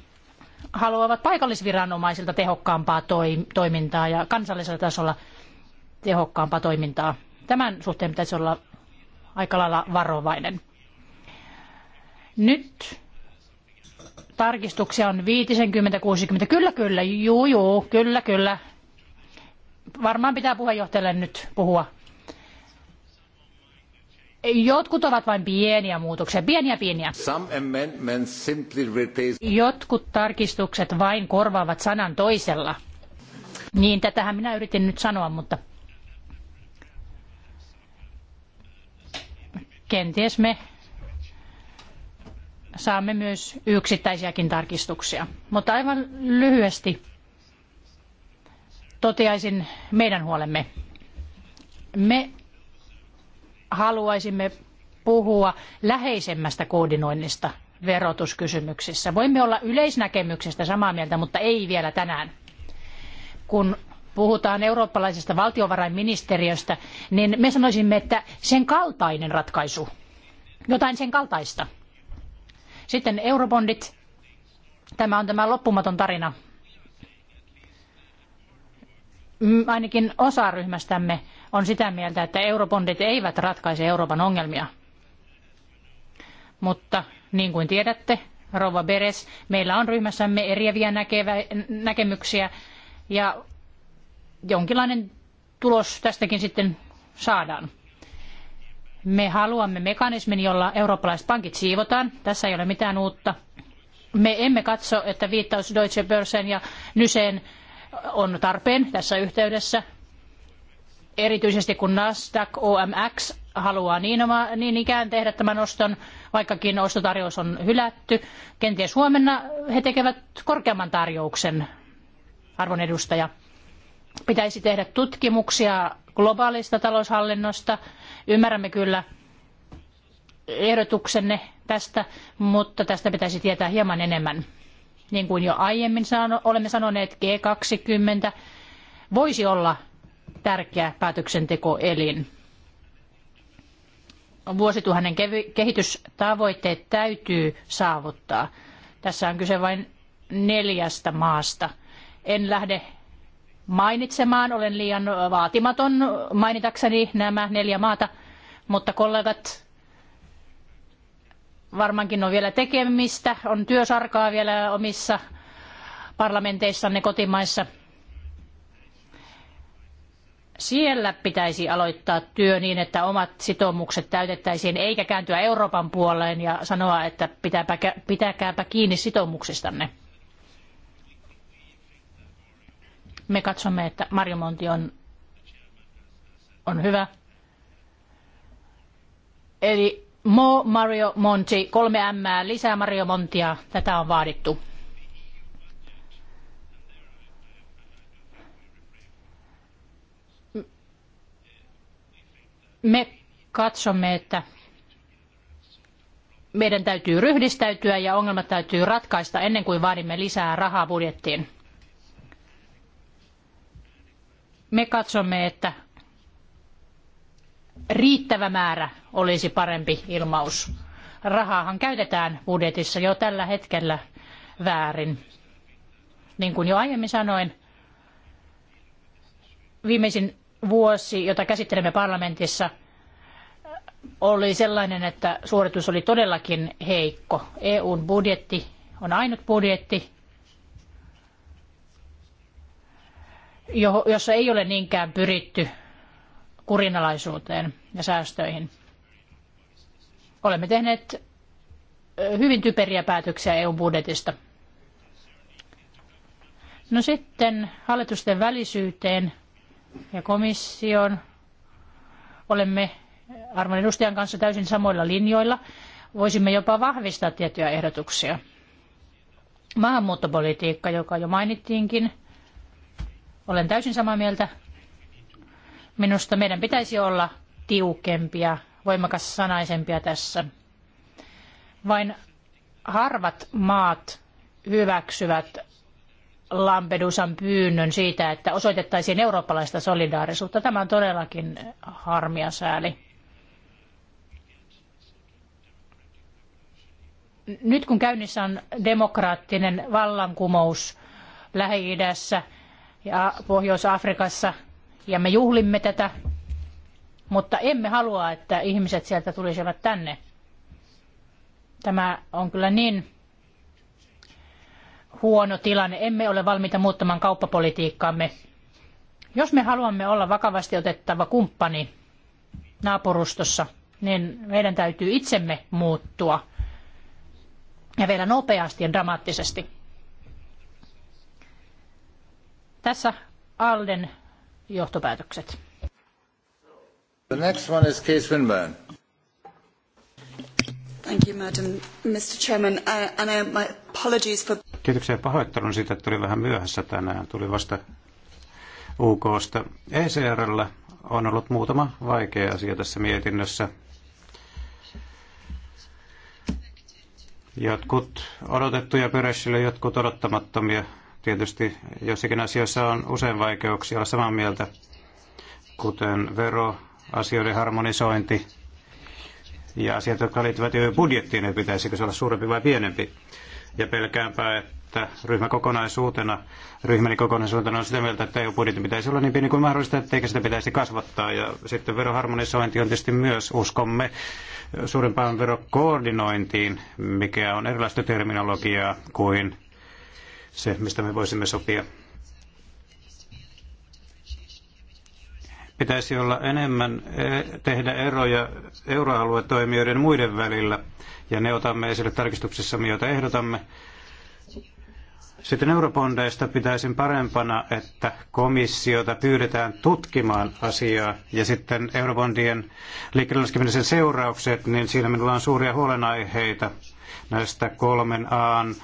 haluavat paikallisviranomaisilta tehokkaampaa toimintaa ja kansallisella tasolla tehokkaampaa toimintaa. Tämän suhteen pitäisi olla aika lailla varovainen. Nyt tarkistuksia on 50, 60. Kyllä, kyllä, juu, juu, kyllä, kyllä. Varmaan pitää puheenjohtajalle nyt puhua Jotkut ovat vain pieniä muutoksia, pieniä pieniä. Jotkut tarkistukset vain korvaavat sanan toisella. Niin, tätähän minä yritin nyt sanoa, mutta kenties me saamme myös yksittäisiäkin tarkistuksia. Mutta aivan lyhyesti toteaisin meidän huolemme. Me haluaisimme puhua läheisemmästä koordinoinnista verotuskysymyksissä. Voimme olla yleisnäkemyksestä samaa mieltä, mutta ei vielä tänään. Kun puhutaan eurooppalaisesta valtiovarainministeriöstä, niin me sanoisimme, että sen kaltainen ratkaisu, jotain sen kaltaista. Sitten eurobondit, tämä on tämä loppumaton tarina, ainakin osa ryhmästämme on sitä mieltä, että eurobondit eivät ratkaise Euroopan ongelmia. Mutta niin kuin tiedätte, Rova Beres, meillä on ryhmässämme eriäviä näkevä, näkemyksiä ja jonkinlainen tulos tästäkin sitten saadaan. Me haluamme mekanismin, jolla eurooppalaiset pankit siivotaan. Tässä ei ole mitään uutta. Me emme katso, että viittaus Deutsche Börsen ja Nyseen on tarpeen tässä yhteydessä, erityisesti kun Nasdaq OMX haluaa niin, oma, niin ikään tehdä tämän oston, vaikkakin ostotarjous on hylätty. Kenties huomenna he tekevät korkeamman tarjouksen, arvon edustaja. Pitäisi tehdä tutkimuksia globaalista taloushallinnosta. Ymmärrämme kyllä ehdotuksenne tästä, mutta tästä pitäisi tietää hieman enemmän. Niin kuin jo aiemmin sano, olemme sanoneet, G20 voisi olla tärkeä päätöksentekoelin. Vuosituhannen kehitystavoitteet täytyy saavuttaa. Tässä on kyse vain neljästä maasta. En lähde mainitsemaan, olen liian vaatimaton mainitakseni nämä neljä maata, mutta kollegat Varmaankin on vielä tekemistä, on työsarkaa vielä omissa parlamenteissanne kotimaissa. Siellä pitäisi aloittaa työ niin, että omat sitoumukset täytettäisiin, eikä kääntyä Euroopan puoleen ja sanoa, että pitääpä, pitäkääpä kiinni sitoumuksistanne. Me katsomme, että Marjo Monti on, on hyvä. Eli Mo Mario Monti, kolme M, lisää Mario Montia, tätä on vaadittu. Me katsomme, että meidän täytyy ryhdistäytyä ja ongelmat täytyy ratkaista ennen kuin vaadimme lisää rahaa budjettiin. Me katsomme, että riittävä määrä olisi parempi ilmaus. Rahaahan käytetään budjetissa jo tällä hetkellä väärin. Niin kuin jo aiemmin sanoin, viimeisin vuosi, jota käsittelemme parlamentissa, oli sellainen, että suoritus oli todellakin heikko. EUn budjetti on ainut budjetti, jossa ei ole niinkään pyritty kurinalaisuuteen ja säästöihin. Olemme tehneet hyvin typeriä päätöksiä EU-budjetista. No sitten hallitusten välisyyteen ja komission olemme arvon edustajan kanssa täysin samoilla linjoilla. Voisimme jopa vahvistaa tiettyjä ehdotuksia. Maahanmuuttopolitiikka, joka jo mainittiinkin, olen täysin samaa mieltä Minusta meidän pitäisi olla tiukempia, sanaisempia tässä. Vain harvat maat hyväksyvät Lampedusan pyynnön siitä, että osoitettaisiin eurooppalaista solidaarisuutta. Tämä on todellakin harmia sääli. Nyt kun käynnissä on demokraattinen vallankumous Lähi-idässä ja Pohjois-Afrikassa, ja me juhlimme tätä, mutta emme halua, että ihmiset sieltä tulisivat tänne. Tämä on kyllä niin huono tilanne. Emme ole valmiita muuttamaan kauppapolitiikkaamme. Jos me haluamme olla vakavasti otettava kumppani naapurustossa, niin meidän täytyy itsemme muuttua ja vielä nopeasti ja dramaattisesti. Tässä Alden johtopäätökset. The next one is Case Winburn. Thank you, Madam Mr. Chairman, I, and I, my apologies for... Kiitoksia pahoittelun siitä, että tuli vähän myöhässä tänään. Tuli vasta UKsta. ECRllä on ollut muutama vaikea asia tässä mietinnössä. Jotkut odotettuja pyrässille, jotkut odottamattomia. Tietysti jossakin asioissa on usein vaikeuksia olla samaa mieltä, kuten veroasioiden harmonisointi ja asiat, jotka liittyvät jo budjettiin, että pitäisikö se olla suurempi vai pienempi. Ja pelkäänpä, että ryhmä kokonaisuutena, ryhmäni kokonaisuutena on sitä mieltä, että EU-budjetti pitäisi olla niin pieni kuin mahdollista, etteikö sitä pitäisi kasvattaa. Ja sitten veroharmonisointi on tietysti myös, uskomme, suurempaan verokoordinointiin, mikä on erilaista terminologiaa kuin se, mistä me voisimme sopia. Pitäisi olla enemmän eh, tehdä eroja euroaluetoimijoiden muiden välillä, ja ne otamme esille tarkistuksessa, joita ehdotamme. Sitten eurobondeista pitäisin parempana, että komissiota pyydetään tutkimaan asiaa ja sitten eurobondien liikkeelle seuraukset, niin siinä minulla on suuria huolenaiheita näistä kolmen aan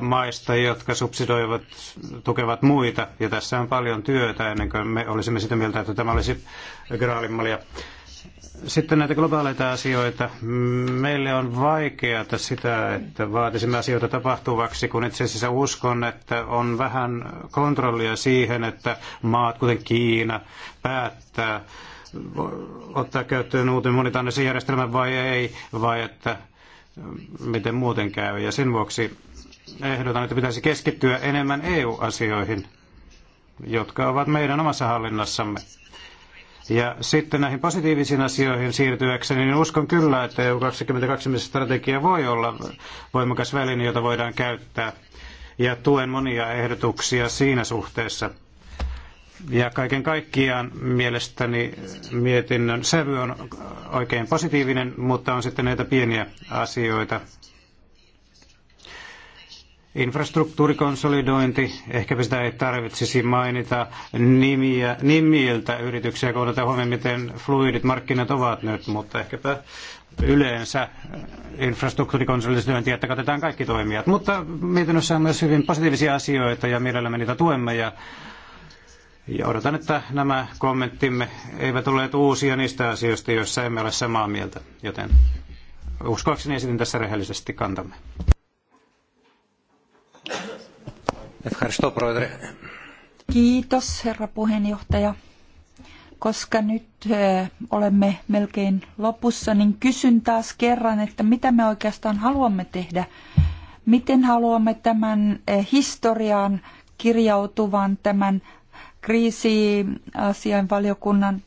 maista, jotka subsidoivat, tukevat muita. Ja tässä on paljon työtä ennen kuin me olisimme sitä mieltä, että tämä olisi graalimmalia. Sitten näitä globaaleita asioita. Meille on vaikeata sitä, että vaatisimme asioita tapahtuvaksi, kun itse asiassa uskon, että on vähän kontrollia siihen, että maat, kuten Kiina, päättää ottaa käyttöön uuden monitannisen järjestelmän vai ei, vai että mm, miten muuten käy. Ja sen vuoksi ehdotan, että pitäisi keskittyä enemmän EU-asioihin, jotka ovat meidän omassa hallinnassamme ja sitten näihin positiivisiin asioihin siirtyäkseni, niin uskon kyllä, että EU 22 strategia voi olla voimakas väline, jota voidaan käyttää. Ja tuen monia ehdotuksia siinä suhteessa. Ja kaiken kaikkiaan mielestäni mietinnön sävy on oikein positiivinen, mutta on sitten näitä pieniä asioita, infrastruktuurikonsolidointi, ehkäpä sitä ei tarvitsisi mainita nimiä, nimiltä yrityksiä, kun otetaan huomioon, miten fluidit markkinat ovat nyt, mutta ehkäpä yleensä infrastruktuurikonsolidointi, että katsotaan kaikki toimijat. Mutta mietinnössä on myös hyvin positiivisia asioita ja mielellämme niitä tuemme ja ja odotan, että nämä kommenttimme eivät ole uusia niistä asioista, joissa emme ole samaa mieltä, joten uskoakseni esitin tässä rehellisesti kantamme. Kiitos, herra puheenjohtaja. Koska nyt olemme melkein lopussa, niin kysyn taas kerran, että mitä me oikeastaan haluamme tehdä. Miten haluamme tämän historiaan kirjautuvan tämän kriisiasiainvaliokunnan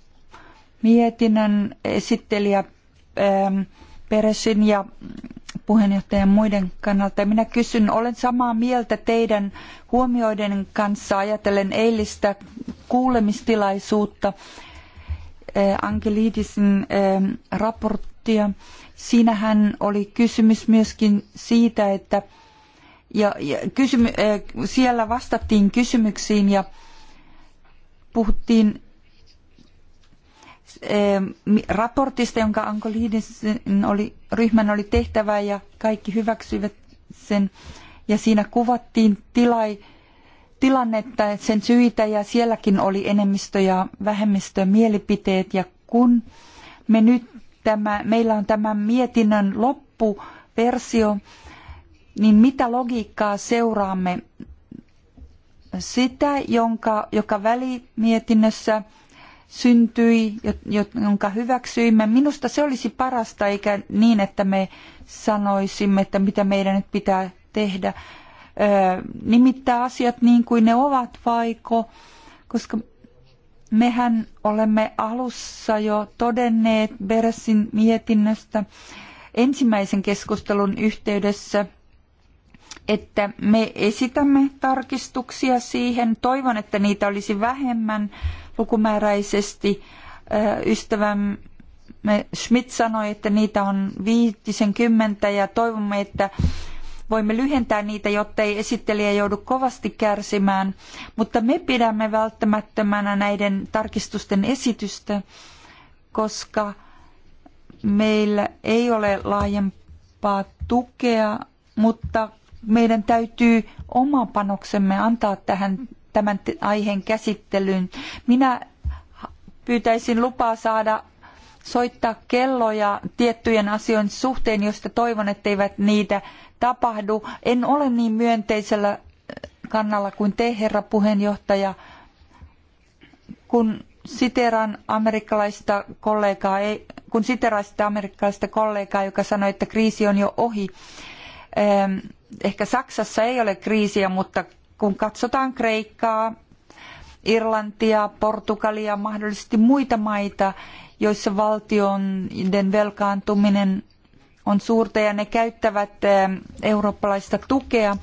mietinnän esittelijä Peresin ja puheenjohtajan muiden kannalta. Minä kysyn, olen samaa mieltä teidän huomioiden kanssa ajatellen eilistä kuulemistilaisuutta, eh, Angelidisin eh, raporttia. Siinähän oli kysymys myöskin siitä, että ja, ja kysymy, eh, siellä vastattiin kysymyksiin ja puhuttiin raportista, jonka Ankolidis oli, ryhmän oli tehtävä ja kaikki hyväksyivät sen. Ja siinä kuvattiin tilai, tilannetta, sen syitä ja sielläkin oli enemmistö ja vähemmistö mielipiteet. Ja kun me nyt tämä, meillä on tämä mietinnön loppuversio, niin mitä logiikkaa seuraamme sitä, jonka, joka välimietinnössä – syntyi, jonka hyväksyimme. Minusta se olisi parasta, eikä niin, että me sanoisimme, että mitä meidän nyt pitää tehdä. Öö, nimittää asiat niin kuin ne ovat, vaiko? Koska mehän olemme alussa jo todenneet Beresin mietinnöstä ensimmäisen keskustelun yhteydessä, että me esitämme tarkistuksia siihen. Toivon, että niitä olisi vähemmän lukumääräisesti. Ystävämme Schmidt sanoi, että niitä on viitisenkymmentä ja toivomme, että voimme lyhentää niitä, jottei esittelijä joudu kovasti kärsimään, mutta me pidämme välttämättömänä näiden tarkistusten esitystä, koska meillä ei ole laajempaa tukea, mutta meidän täytyy oma panoksemme antaa tähän tämän aiheen käsittelyyn. Minä pyytäisin lupaa saada soittaa kelloja tiettyjen asioiden suhteen, josta toivon, etteivät niitä tapahdu. En ole niin myönteisellä äh, kannalla kuin te, herra puheenjohtaja, kun siteran amerikkalaista kollegaa, kun siteraisitte amerikkalaista kollegaa, joka sanoi, että kriisi on jo ohi. Ehkä Saksassa ei ole kriisiä, mutta kun katsotaan Kreikkaa, Irlantia, Portugalia, mahdollisesti muita maita, joissa valtioiden velkaantuminen on suurta ja ne käyttävät eh, eurooppalaista tukea.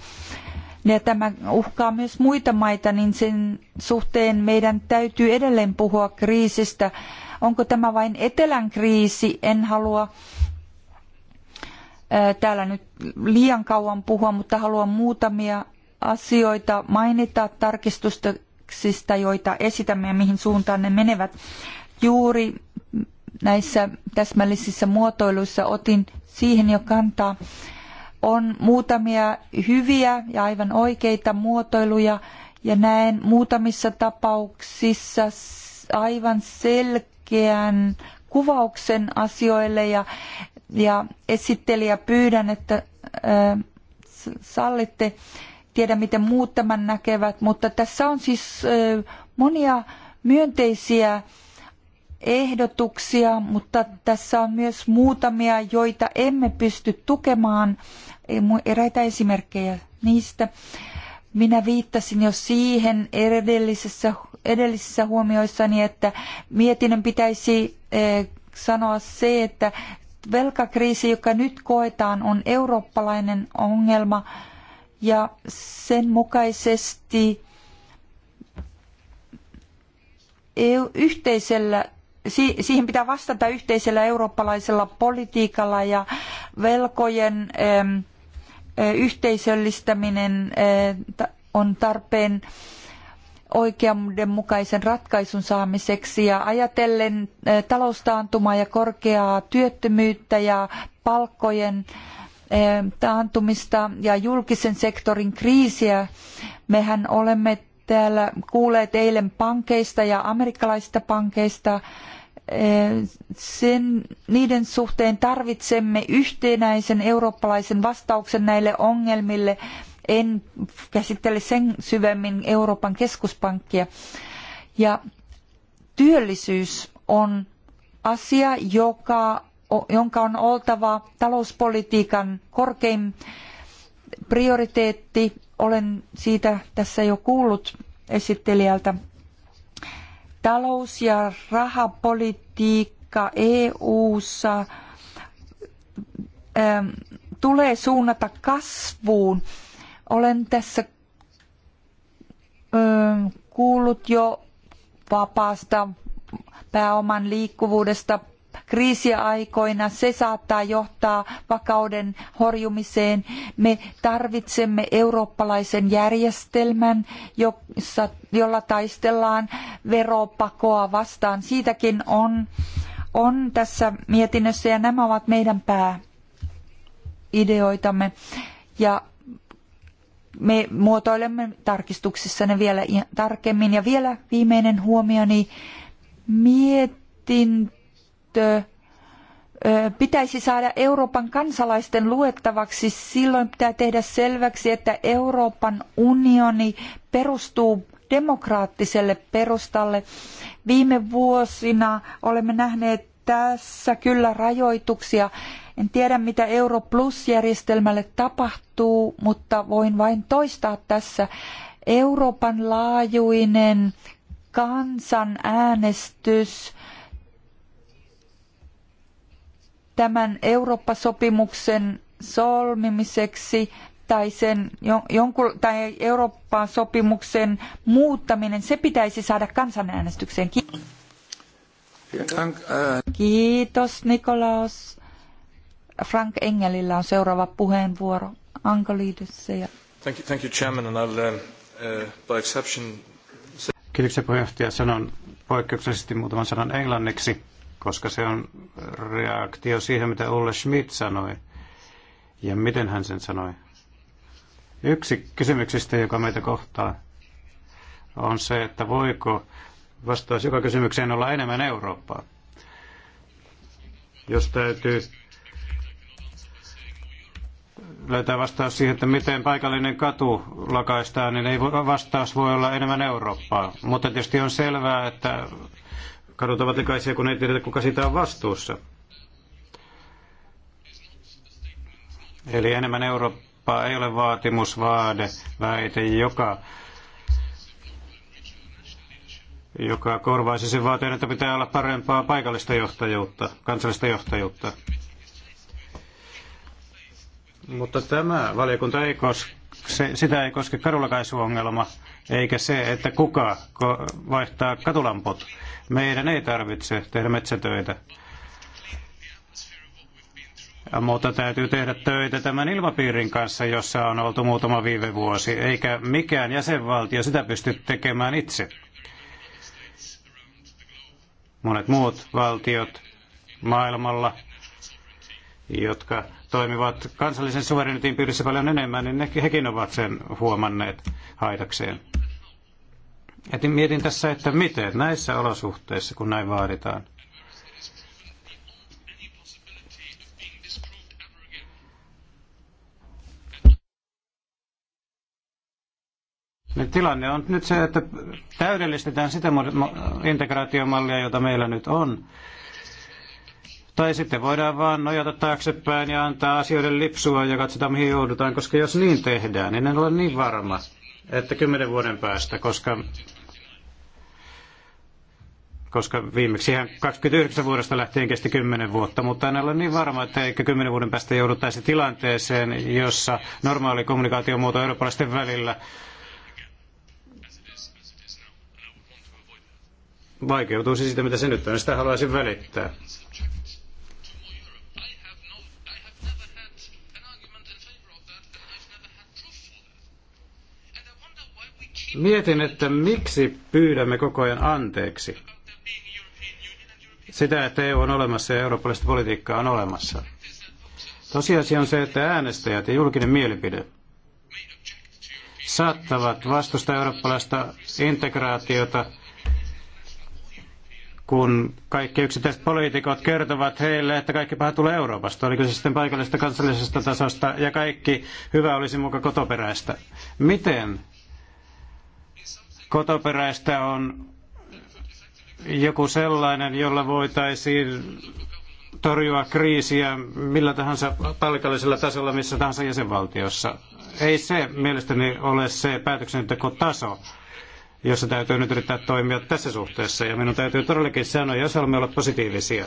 Ja tämä uhkaa myös muita maita, niin sen suhteen meidän täytyy edelleen puhua kriisistä. Onko tämä vain etelän kriisi? En halua eh, täällä nyt liian kauan puhua, mutta haluan muutamia asioita mainita tarkistuksista, joita esitämme ja mihin suuntaan ne menevät. Juuri näissä täsmällisissä muotoiluissa otin siihen jo kantaa. On muutamia hyviä ja aivan oikeita muotoiluja ja näen muutamissa tapauksissa aivan selkeän kuvauksen asioille ja, ja esittelijä pyydän, että äh, sallitte äh, tiedä miten muut tämän näkevät, mutta tässä on siis monia myönteisiä ehdotuksia, mutta tässä on myös muutamia, joita emme pysty tukemaan. Eräitä esimerkkejä niistä. Minä viittasin jo siihen edellisessä, edellisissä huomioissani, että mietinnön pitäisi sanoa se, että velkakriisi, joka nyt koetaan, on eurooppalainen ongelma – ja sen mukaisesti EU yhteisellä siihen pitää vastata yhteisellä eurooppalaisella politiikalla ja velkojen yhteisöllistäminen on tarpeen oikeudenmukaisen ratkaisun saamiseksi ja ajatellen taloustaantumaa ja korkeaa työttömyyttä ja palkkojen Eh, taantumista ja julkisen sektorin kriisiä. Mehän olemme täällä kuulleet eilen pankeista ja amerikkalaisista pankeista. Eh, sen, niiden suhteen tarvitsemme yhtenäisen eurooppalaisen vastauksen näille ongelmille. En käsittele sen syvemmin Euroopan keskuspankkia. Ja työllisyys on asia, joka jonka on oltava talouspolitiikan korkein prioriteetti. Olen siitä tässä jo kuullut esittelijältä. Talous- ja rahapolitiikka EU:ssa ähm, tulee suunnata kasvuun. Olen tässä ähm, kuullut jo vapaasta pääoman liikkuvuudesta, kriisiaikoina. Se saattaa johtaa vakauden horjumiseen. Me tarvitsemme eurooppalaisen järjestelmän, jossa, jolla taistellaan veropakoa vastaan. Siitäkin on, on tässä mietinnössä ja nämä ovat meidän pääideoitamme. Ja me muotoilemme tarkistuksissa ne vielä tarkemmin. Ja vielä viimeinen huomioni. Mietin pitäisi saada Euroopan kansalaisten luettavaksi. Silloin pitää tehdä selväksi, että Euroopan unioni perustuu demokraattiselle perustalle. Viime vuosina olemme nähneet tässä kyllä rajoituksia. En tiedä, mitä Euro Plus-järjestelmälle tapahtuu, mutta voin vain toistaa tässä. Euroopan laajuinen kansanäänestys äänestys tämän Eurooppa-sopimuksen solmimiseksi tai, sen, jonkun, tai eurooppa sopimuksen muuttaminen, se pitäisi saada kansanäänestykseen. Kiitos Nikolaus. Frank Engelillä on seuraava puheenvuoro. Ankoliidossa ja... Thank you, thank you Chairman, and I'll, um, uh, by exception... Kiitoksia puheenjohtaja. Sanon poikkeuksellisesti muutaman sanan englanniksi koska se on reaktio siihen, mitä Ulle Schmidt sanoi. Ja miten hän sen sanoi? Yksi kysymyksistä, joka meitä kohtaa, on se, että voiko vastaus joka kysymykseen olla enemmän Eurooppaa. Jos täytyy löytää vastaus siihen, että miten paikallinen katu lakaistaan, niin ei vastaus voi olla enemmän Eurooppaa. Mutta tietysti on selvää, että kadotavat ovat likaisia, kun ei tiedetä, kuka siitä on vastuussa. Eli enemmän Eurooppaa ei ole vaatimus, vaade, väite, joka, joka korvaisi sen vaateen, että pitää olla parempaa paikallista johtajuutta, kansallista johtajuutta. Mutta tämä valiokunta ei koske, se, sitä ei koske kadulakaisuongelma, eikä se, että kuka vaihtaa katulamput. Meidän ei tarvitse tehdä metsätöitä, mutta täytyy tehdä töitä tämän ilmapiirin kanssa, jossa on oltu muutama viime vuosi, eikä mikään jäsenvaltio sitä pysty tekemään itse. Monet muut valtiot maailmalla, jotka toimivat kansallisen suverenitin piirissä paljon enemmän, niin hekin ovat sen huomanneet haitakseen. Et mietin tässä, että miten näissä olosuhteissa, kun näin vaaditaan, Niin tilanne on nyt se, että täydellistetään sitä integraatiomallia, jota meillä nyt on. Tai sitten voidaan vaan nojata taaksepäin ja antaa asioiden lipsua ja katsotaan mihin joudutaan, koska jos niin tehdään, niin en ole niin varma, että kymmenen vuoden päästä, koska koska viimeksi ihan 29 vuodesta lähtien kesti 10 vuotta, mutta en ole niin varma, että eikö 10 vuoden päästä jouduttaisi tilanteeseen, jossa normaali kommunikaatiomuoto eurooppalaisten välillä vaikeutuisi siitä, mitä se nyt on. Sitä haluaisin välittää. Mietin, että miksi pyydämme koko ajan anteeksi sitä, että EU on olemassa ja eurooppalaista politiikkaa on olemassa. Tosiasia on se, että äänestäjät ja julkinen mielipide saattavat vastustaa eurooppalaista integraatiota, kun kaikki yksittäiset poliitikot kertovat heille, että kaikki paha tulee Euroopasta, oliko se sitten paikallisesta kansallisesta tasosta, ja kaikki hyvä olisi muka kotoperäistä. Miten kotoperäistä on joku sellainen, jolla voitaisiin torjua kriisiä millä tahansa palkallisella tasolla, missä tahansa jäsenvaltiossa. Ei se mielestäni ole se päätöksentekotaso, jossa täytyy nyt yrittää toimia tässä suhteessa. Ja minun täytyy todellakin sanoa, jos haluamme olla positiivisia,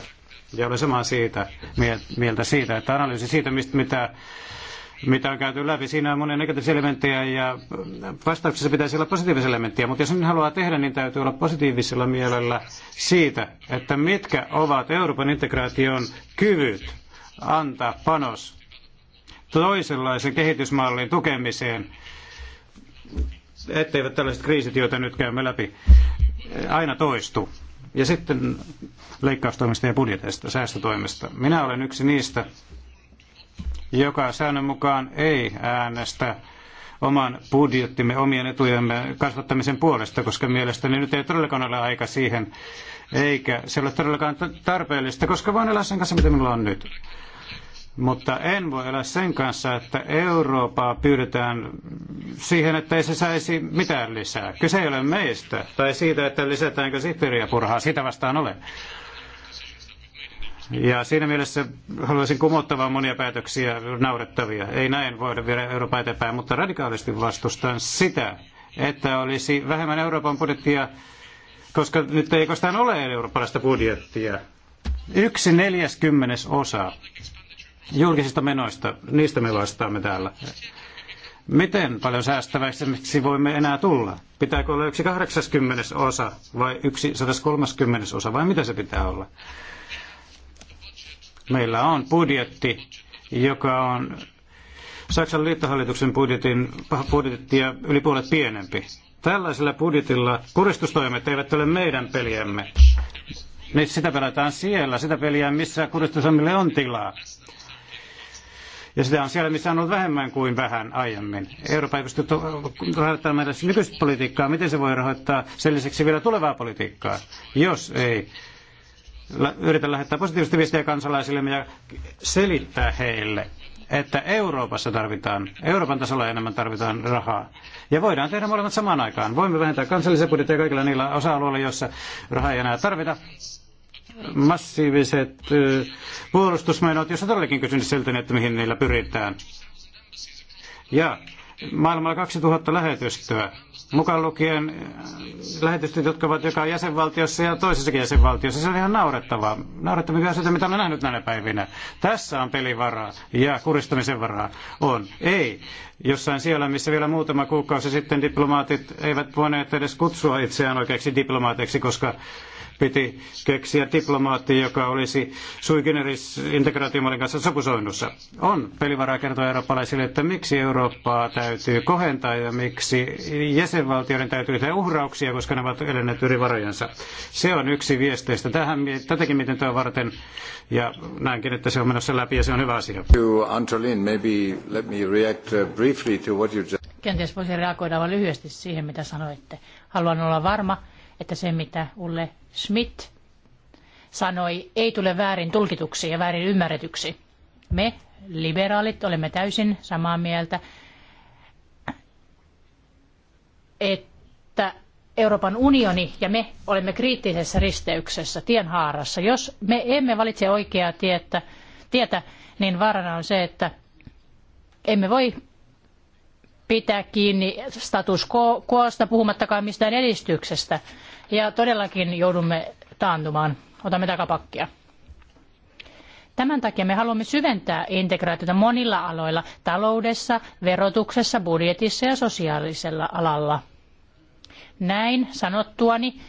ja olen samaa siitä, mieltä siitä, että analyysi siitä, mistä, mitä mitä on käyty läpi. Siinä on monia negatiivisia elementtejä ja vastauksessa pitäisi olla positiivisia elementtejä, mutta jos sen haluaa tehdä, niin täytyy olla positiivisella mielellä siitä, että mitkä ovat Euroopan integraation kyvyt antaa panos toisenlaisen kehitysmallin tukemiseen, etteivät tällaiset kriisit, joita nyt käymme läpi, aina toistu. Ja sitten leikkaustoimista ja budjeteista, säästötoimista. Minä olen yksi niistä, joka säännön mukaan ei äänestä oman budjettimme, omien etujemme kasvattamisen puolesta, koska mielestäni nyt ei todellakaan ole aika siihen, eikä se ole todellakaan tarpeellista, koska voin elää sen kanssa, mitä minulla on nyt. Mutta en voi elää sen kanssa, että Eurooppaa pyydetään siihen, että ei se saisi mitään lisää. Kyse ei ole meistä tai siitä, että lisätäänkö sihteeriä purhaa. Sitä vastaan olen. Ja siinä mielessä haluaisin kumottavan monia päätöksiä naurettavia. Ei näin voida viedä Euroopan eteenpäin, mutta radikaalisti vastustan sitä, että olisi vähemmän Euroopan budjettia, koska nyt ei koskaan ole eurooppalaista budjettia. Yksi neljäskymmenes osa julkisista menoista, niistä me vastaamme täällä. Miten paljon säästäväisemmiksi voimme enää tulla? Pitääkö olla yksi 80 osa vai yksi 130 osa vai mitä se pitää olla? Meillä on budjetti, joka on Saksan liittohallituksen budjetin, budjettia yli puolet pienempi. Tällaisella budjetilla kuristustoimet eivät ole meidän peliämme. Niin sitä pelataan siellä, sitä peliä, missä kuristustoimille on tilaa. Ja sitä on siellä, missä on ollut vähemmän kuin vähän aiemmin. Euroopan ei pysty rahoittamaan meidän nykyistä politiikkaa. Miten se voi rahoittaa sen lisäksi vielä tulevaa politiikkaa, jos ei yritän lähettää positiivista viestiä kansalaisille ja selittää heille, että Euroopassa tarvitaan, Euroopan tasolla enemmän tarvitaan rahaa. Ja voidaan tehdä molemmat samaan aikaan. Voimme vähentää kansallisia budjetteja kaikilla niillä osa-alueilla, joissa rahaa ei enää tarvita. Massiiviset puolustusmenot, joissa todellakin kysyn siltä, että mihin niillä pyritään. Ja maailmalla 2000 lähetystöä, mukaan lukien äh, lähetystöt, jotka ovat joka jäsenvaltiossa ja toisessakin jäsenvaltiossa. Se on ihan naurettavaa. Naurettavia asioita, mitä olen nähnyt näinä päivinä. Tässä on pelivaraa ja kuristamisen varaa on. Ei. Jossain siellä, missä vielä muutama kuukausi sitten diplomaatit eivät voineet edes kutsua itseään oikeiksi diplomaateiksi, koska Piti keksiä diplomaatti, joka olisi suikineris integraatiomallin kanssa sopusoinnussa. On pelivaraa kertoa eurooppalaisille, että miksi Eurooppaa täytyy kohentaa ja miksi jäsenvaltioiden täytyy tehdä uhrauksia, koska ne ovat eläneet yli varojensa. Se on yksi viesteistä tähän, tätäkin mietintöä varten ja näenkin, että se on menossa läpi ja se on hyvä asia. Antolin, maybe let me react uh, briefly to what you just... Kenties voisin reagoida vain lyhyesti siihen, mitä sanoitte. Haluan olla varma, että se, mitä Ulle Schmidt sanoi, ei tule väärin tulkituksi ja väärin ymmärretyksi. Me, liberaalit, olemme täysin samaa mieltä, että Euroopan unioni ja me olemme kriittisessä risteyksessä, tienhaarassa. Jos me emme valitse oikeaa tietä, tietä, niin vaarana on se, että emme voi pitää kiinni status quoosta puhumattakaan mistään edistyksestä ja todellakin joudumme taantumaan. Otamme takapakkia. Tämän takia me haluamme syventää integraatiota monilla aloilla, taloudessa, verotuksessa, budjetissa ja sosiaalisella alalla. Näin sanottuani,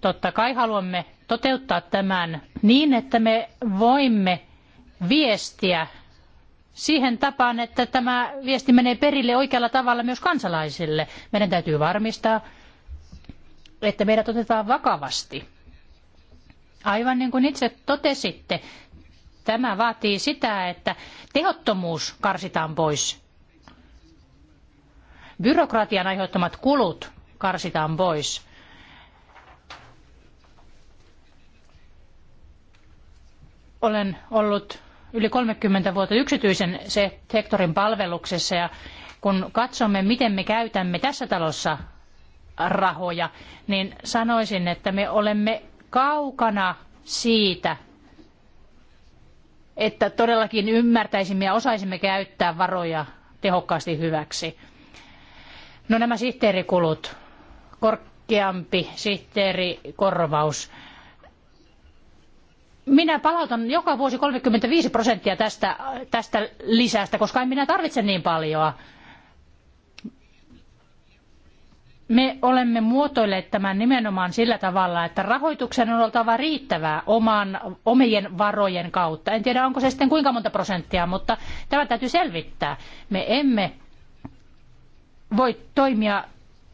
totta kai haluamme toteuttaa tämän niin, että me voimme viestiä siihen tapaan, että tämä viesti menee perille oikealla tavalla myös kansalaisille. Meidän täytyy varmistaa, että meidät otetaan vakavasti. Aivan niin kuin itse totesitte, tämä vaatii sitä, että tehottomuus karsitaan pois. Byrokratian aiheuttamat kulut karsitaan pois. Olen ollut yli 30 vuotta yksityisen sektorin palveluksessa ja kun katsomme, miten me käytämme tässä talossa rahoja, niin sanoisin, että me olemme kaukana siitä, että todellakin ymmärtäisimme ja osaisimme käyttää varoja tehokkaasti hyväksi. No nämä sihteerikulut, korkeampi sihteerikorvaus. Minä palautan joka vuosi 35 prosenttia tästä, tästä lisästä, koska en minä tarvitse niin paljoa. me olemme muotoilleet tämän nimenomaan sillä tavalla, että rahoituksen on oltava riittävää oman, omien varojen kautta. En tiedä, onko se sitten kuinka monta prosenttia, mutta tämä täytyy selvittää. Me emme voi toimia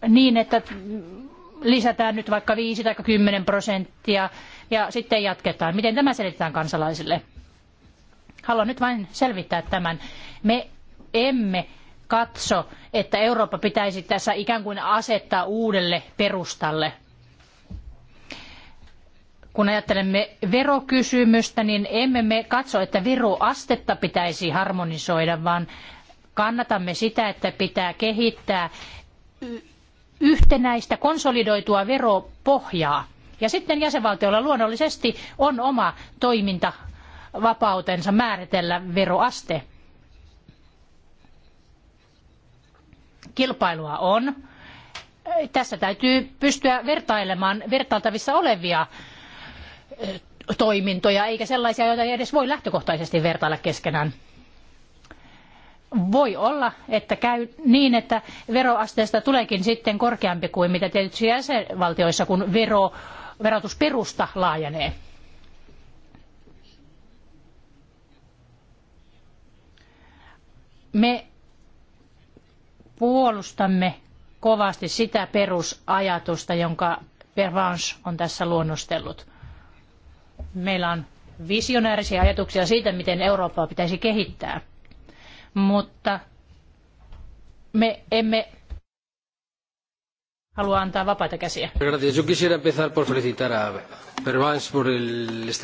niin, että lisätään nyt vaikka 5 tai 10 prosenttia ja sitten jatketaan. Miten tämä selitetään kansalaisille? Haluan nyt vain selvittää tämän. Me emme katso, että Eurooppa pitäisi tässä ikään kuin asettaa uudelle perustalle. Kun ajattelemme verokysymystä, niin emme me katso, että veroastetta pitäisi harmonisoida, vaan kannatamme sitä, että pitää kehittää yhtenäistä konsolidoitua veropohjaa. Ja sitten jäsenvaltiolla luonnollisesti on oma toimintavapautensa määritellä veroaste. kilpailua on. Tässä täytyy pystyä vertailemaan vertailtavissa olevia eh, toimintoja, eikä sellaisia, joita ei edes voi lähtökohtaisesti vertailla keskenään. Voi olla, että käy niin, että veroasteesta tuleekin sitten korkeampi kuin mitä tietysti jäsenvaltioissa, kun vero, verotusperusta laajenee. Me puolustamme kovasti sitä perusajatusta, jonka Pervans on tässä luonnostellut. Meillä on visionäärisiä ajatuksia siitä, miten Eurooppaa pitäisi kehittää, mutta me emme halua antaa vapaita käsiä.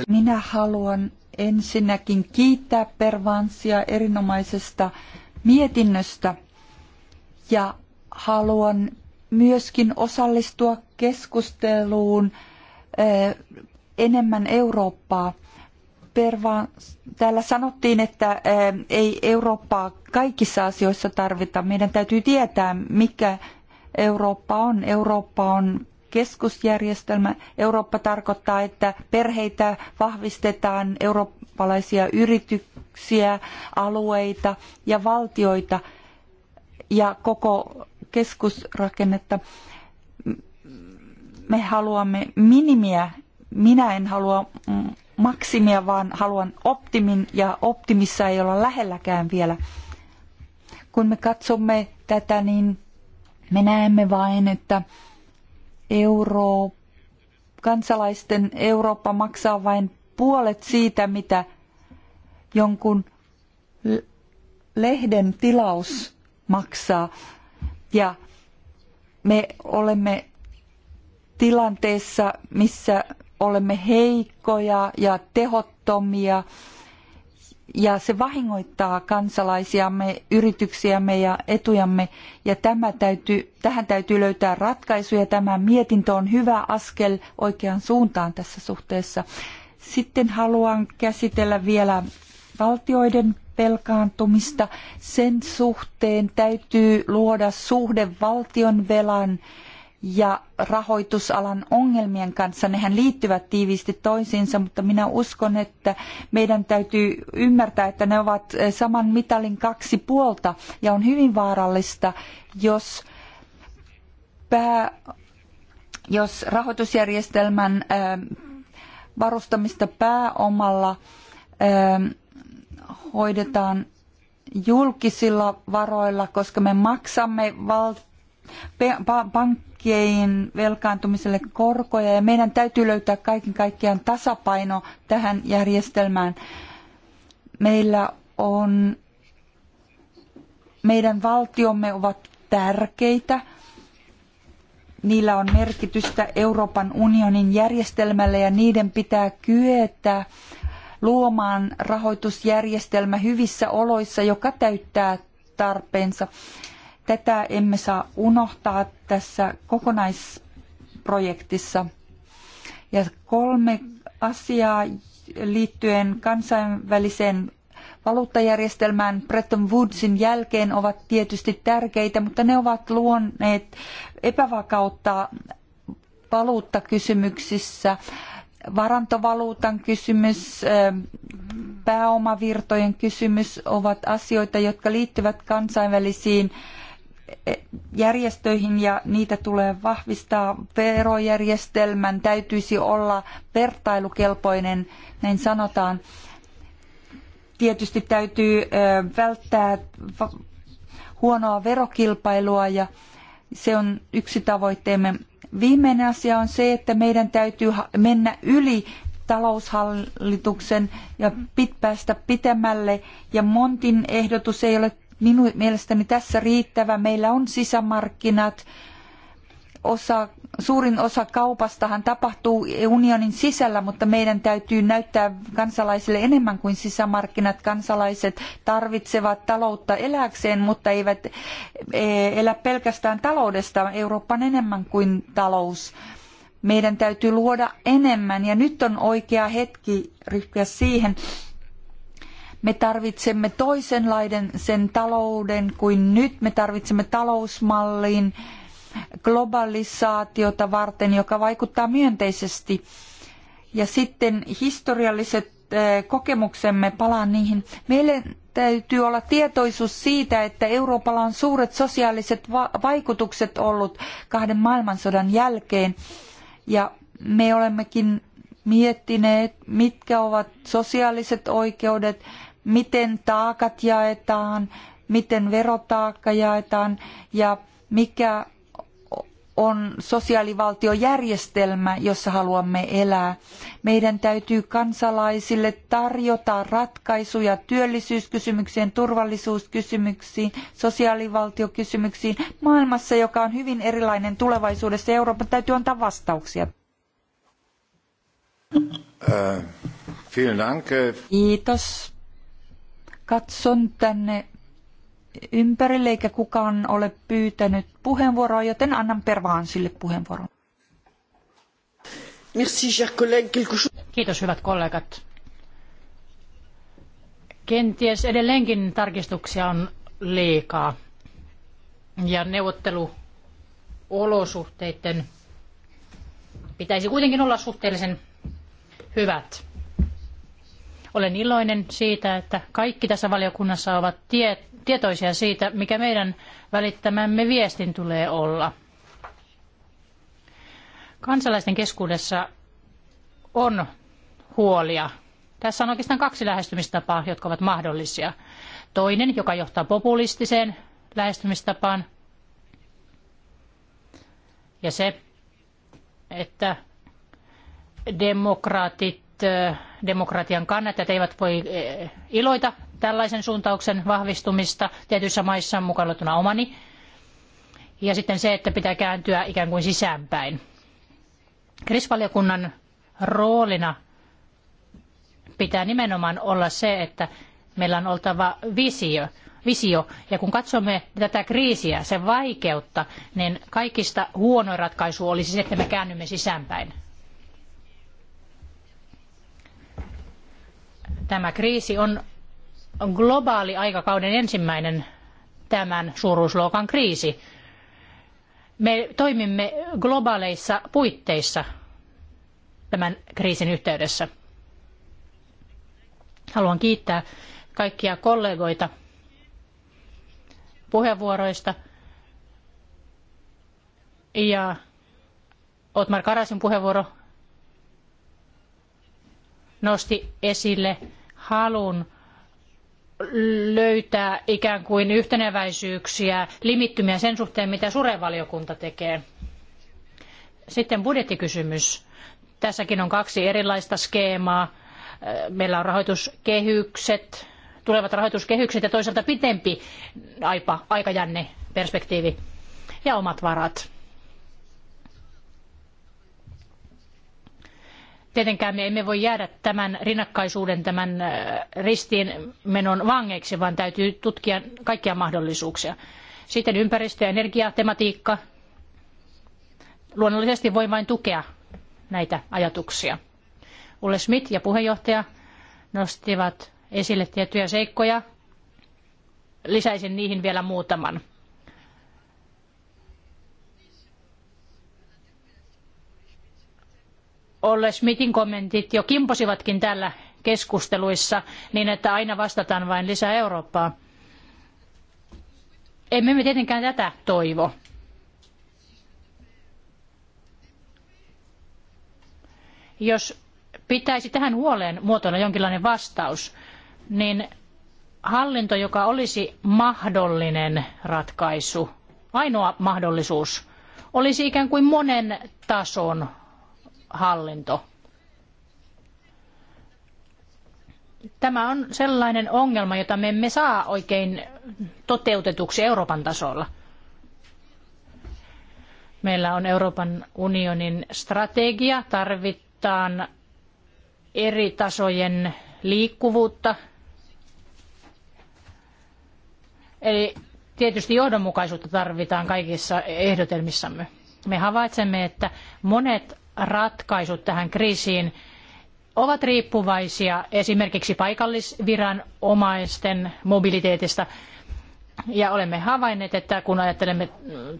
Minä haluan ensinnäkin kiittää Pervansia erinomaisesta mietinnöstä ja haluan myöskin osallistua keskusteluun eh, enemmän Eurooppaa. Perva, täällä sanottiin, että eh, ei Eurooppaa kaikissa asioissa tarvita. Meidän täytyy tietää, mikä Eurooppa on. Eurooppa on keskusjärjestelmä. Eurooppa tarkoittaa, että perheitä vahvistetaan, eurooppalaisia yrityksiä, alueita ja valtioita – ja koko keskusrakennetta. Me haluamme minimiä. Minä en halua mm, maksimia, vaan haluan optimin ja optimissa ei olla lähelläkään vielä. Kun me katsomme tätä, niin me näemme vain, että euro, kansalaisten Eurooppa maksaa vain puolet siitä, mitä jonkun lehden tilaus maksaa. Ja me olemme tilanteessa, missä olemme heikkoja ja tehottomia ja se vahingoittaa kansalaisiamme, yrityksiämme ja etujamme ja tämä täytyy, tähän täytyy löytää ratkaisu ja tämä mietintö on hyvä askel oikeaan suuntaan tässä suhteessa. Sitten haluan käsitellä vielä valtioiden velkaantumista. Sen suhteen täytyy luoda suhde valtion velan ja rahoitusalan ongelmien kanssa. Nehän liittyvät tiiviisti toisiinsa, mutta minä uskon, että meidän täytyy ymmärtää, että ne ovat saman mitalin kaksi puolta ja on hyvin vaarallista, jos pää, jos rahoitusjärjestelmän varustamista pääomalla hoidetaan julkisilla varoilla, koska me maksamme val- pankkien velkaantumiselle korkoja ja meidän täytyy löytää kaiken kaikkiaan tasapaino tähän järjestelmään. Meillä on, meidän valtiomme ovat tärkeitä. Niillä on merkitystä Euroopan unionin järjestelmälle ja niiden pitää kyetä luomaan rahoitusjärjestelmä hyvissä oloissa, joka täyttää tarpeensa. Tätä emme saa unohtaa tässä kokonaisprojektissa. Ja kolme asiaa liittyen kansainväliseen valuuttajärjestelmään Bretton Woodsin jälkeen ovat tietysti tärkeitä, mutta ne ovat luoneet epävakautta valuuttakysymyksissä varantovaluutan kysymys, pääomavirtojen kysymys ovat asioita, jotka liittyvät kansainvälisiin e, järjestöihin ja niitä tulee vahvistaa. Verojärjestelmän täytyisi olla vertailukelpoinen, näin sanotaan. Tietysti täytyy välttää huonoa verokilpailua ja se on yksi tavoitteemme Viimeinen asia on se, että meidän täytyy mennä yli taloushallituksen ja pit päästä pitemmälle. Ja Montin ehdotus ei ole minun mielestäni tässä riittävä. Meillä on sisämarkkinat, osa, suurin osa kaupastahan tapahtuu unionin sisällä, mutta meidän täytyy näyttää kansalaisille enemmän kuin sisämarkkinat. Kansalaiset tarvitsevat taloutta elääkseen, mutta eivät e, elä pelkästään taloudesta. Eurooppa on enemmän kuin talous. Meidän täytyy luoda enemmän ja nyt on oikea hetki ryhtyä siihen. Me tarvitsemme toisenlaisen talouden kuin nyt. Me tarvitsemme talousmallin, globalisaatiota varten, joka vaikuttaa myönteisesti. Ja sitten historialliset eh, kokemuksemme, palaan niihin. Meille täytyy olla tietoisuus siitä, että Euroopalla on suuret sosiaaliset vaikutukset ollut kahden maailmansodan jälkeen. Ja me olemmekin miettineet, mitkä ovat sosiaaliset oikeudet, miten taakat jaetaan, miten verotaakka jaetaan ja mikä on sosiaalivaltiojärjestelmä, jossa haluamme elää. Meidän täytyy kansalaisille tarjota ratkaisuja työllisyyskysymyksiin, turvallisuuskysymyksiin, sosiaalivaltiokysymyksiin maailmassa, joka on hyvin erilainen tulevaisuudessa. Euroopan täytyy antaa vastauksia. Äh, Kiitos. Katson tänne ympärille, eikä kukaan ole pyytänyt puheenvuoroa, joten annan sille puheenvuoron. Kiitos hyvät kollegat. Kenties edelleenkin tarkistuksia on liikaa ja neuvotteluolosuhteiden pitäisi kuitenkin olla suhteellisen hyvät. Olen iloinen siitä, että kaikki tässä valiokunnassa ovat tietoisia tietoisia siitä, mikä meidän välittämämme viestin tulee olla. Kansalaisten keskuudessa on huolia. Tässä on oikeastaan kaksi lähestymistapaa, jotka ovat mahdollisia. Toinen, joka johtaa populistiseen lähestymistapaan, ja se, että demokraatit, demokratian kannattajat eivät voi eh, iloita tällaisen suuntauksen vahvistumista tietyissä maissa mukaan omani. Ja sitten se, että pitää kääntyä ikään kuin sisäänpäin. Kristvaliokunnan roolina pitää nimenomaan olla se, että meillä on oltava visio. visio. Ja kun katsomme tätä kriisiä, sen vaikeutta, niin kaikista huonoin ratkaisu olisi se, että me käännymme sisäänpäin. Tämä kriisi on globaali aikakauden ensimmäinen tämän suuruusluokan kriisi. Me toimimme globaaleissa puitteissa tämän kriisin yhteydessä. Haluan kiittää kaikkia kollegoita puheenvuoroista ja Otmar Karasin puheenvuoro nosti esille halun löytää ikään kuin yhteneväisyyksiä, limittymiä sen suhteen, mitä surevaliokunta tekee. Sitten budjettikysymys. Tässäkin on kaksi erilaista skeemaa. Meillä on rahoituskehykset, tulevat rahoituskehykset ja toisaalta pitempi aipa, aikajänne, perspektiivi ja omat varat. tietenkään me emme voi jäädä tämän rinnakkaisuuden, tämän äh, ristiinmenon vangeiksi, vaan täytyy tutkia kaikkia mahdollisuuksia. Sitten ympäristö- ja energiatematiikka. Luonnollisesti voi vain tukea näitä ajatuksia. Ulle Smith ja puheenjohtaja nostivat esille tiettyjä seikkoja. Lisäisin niihin vielä muutaman. Olle Smithin kommentit jo kimposivatkin täällä keskusteluissa niin, että aina vastataan vain lisää Eurooppaa. Emme me tietenkään tätä toivo. Jos pitäisi tähän huoleen muotoilla jonkinlainen vastaus, niin hallinto, joka olisi mahdollinen ratkaisu, ainoa mahdollisuus, olisi ikään kuin monen tason hallinto. Tämä on sellainen ongelma, jota me emme saa oikein toteutetuksi Euroopan tasolla. Meillä on Euroopan unionin strategia, tarvitaan eri tasojen liikkuvuutta. Eli tietysti johdonmukaisuutta tarvitaan kaikissa ehdotelmissamme. Me havaitsemme, että monet ratkaisut tähän kriisiin ovat riippuvaisia esimerkiksi paikallisviranomaisten mobiliteetista. Ja olemme havainneet, että kun ajattelemme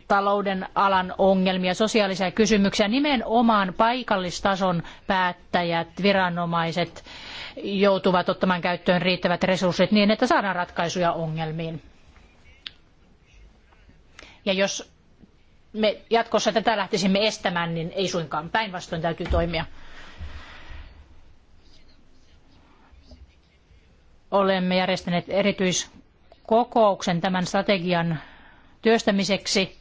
talouden alan ongelmia, sosiaalisia kysymyksiä, nimenomaan paikallistason päättäjät, viranomaiset joutuvat ottamaan käyttöön riittävät resurssit niin, että saadaan ratkaisuja ongelmiin. Ja jos me jatkossa tätä lähtisimme estämään, niin ei suinkaan päinvastoin täytyy toimia. Olemme järjestäneet erityiskokouksen tämän strategian työstämiseksi.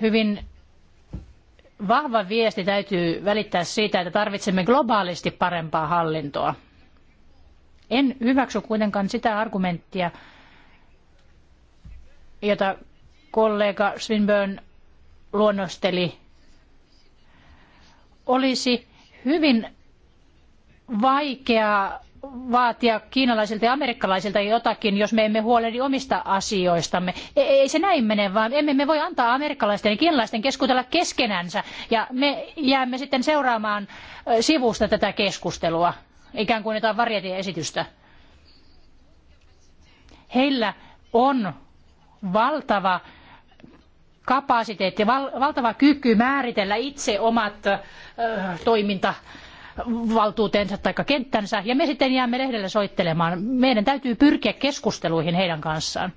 Hyvin vahva viesti täytyy välittää siitä, että tarvitsemme globaalisti parempaa hallintoa. En hyväksy kuitenkaan sitä argumenttia, jota kollega Swinburne luonnosteli, olisi hyvin vaikea vaatia kiinalaisilta ja amerikkalaisilta jotakin, jos me emme huolehdi omista asioistamme. E, ei se näin mene, vaan emme me voi antaa amerikkalaisten ja kiinalaisten keskustella keskenänsä. Ja me jäämme sitten seuraamaan sivusta tätä keskustelua, ikään kuin jotain esitystä. Heillä on valtava kapasiteetti, valtava kyky määritellä itse omat toimintavaltuutensa toiminta tai kenttänsä, ja me sitten jäämme lehdelle soittelemaan. Meidän täytyy pyrkiä keskusteluihin heidän kanssaan.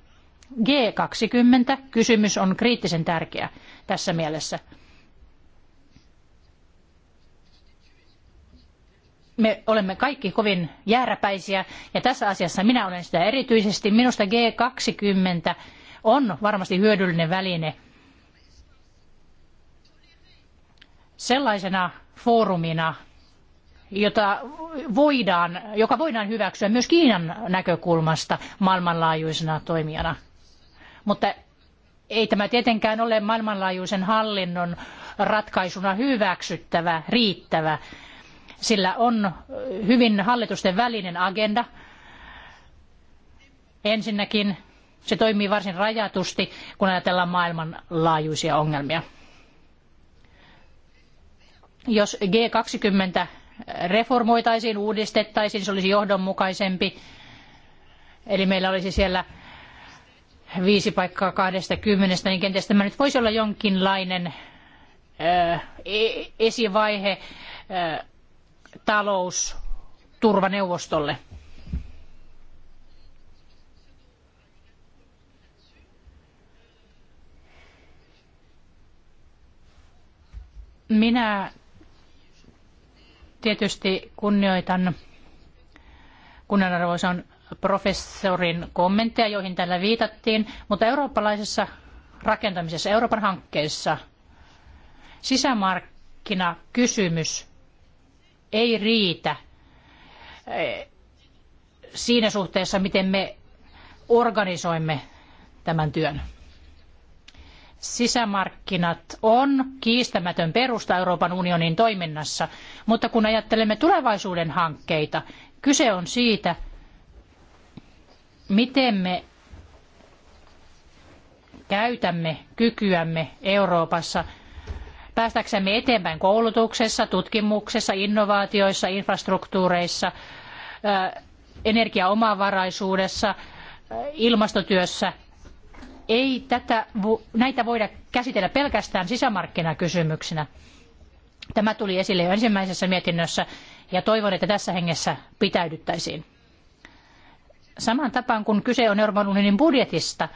G20 kysymys on kriittisen tärkeä tässä mielessä. me olemme kaikki kovin jääräpäisiä ja tässä asiassa minä olen sitä erityisesti. Minusta G20 on varmasti hyödyllinen väline sellaisena foorumina, jota voidaan, joka voidaan hyväksyä myös Kiinan näkökulmasta maailmanlaajuisena toimijana. Mutta ei tämä tietenkään ole maailmanlaajuisen hallinnon ratkaisuna hyväksyttävä, riittävä. Sillä on hyvin hallitusten välinen agenda. Ensinnäkin se toimii varsin rajatusti, kun ajatellaan maailmanlaajuisia ongelmia. Jos G20 reformoitaisiin, uudistettaisiin, se olisi johdonmukaisempi. Eli meillä olisi siellä viisi paikkaa kahdesta kymmenestä, niin kenties tämä nyt voisi olla jonkinlainen e, esivaihe talousturvaneuvostolle. Minä Tietysti kunnioitan kunnianarvoisan professorin kommentteja, joihin tällä viitattiin, mutta eurooppalaisessa rakentamisessa, Euroopan hankkeessa sisämarkkinakysymys ei riitä eh, siinä suhteessa, miten me organisoimme tämän työn sisämarkkinat on kiistämätön perusta Euroopan unionin toiminnassa, mutta kun ajattelemme tulevaisuuden hankkeita, kyse on siitä, miten me käytämme kykyämme Euroopassa päästäksemme eteenpäin koulutuksessa, tutkimuksessa, innovaatioissa, infrastruktuureissa, energiaomavaraisuudessa, ilmastotyössä – ei tätä, näitä voida käsitellä pelkästään sisämarkkinakysymyksinä. Tämä tuli esille jo ensimmäisessä mietinnössä ja toivon, että tässä hengessä pitäydyttäisiin. Saman tapaan kun kyse on Euroopan unionin budjetista,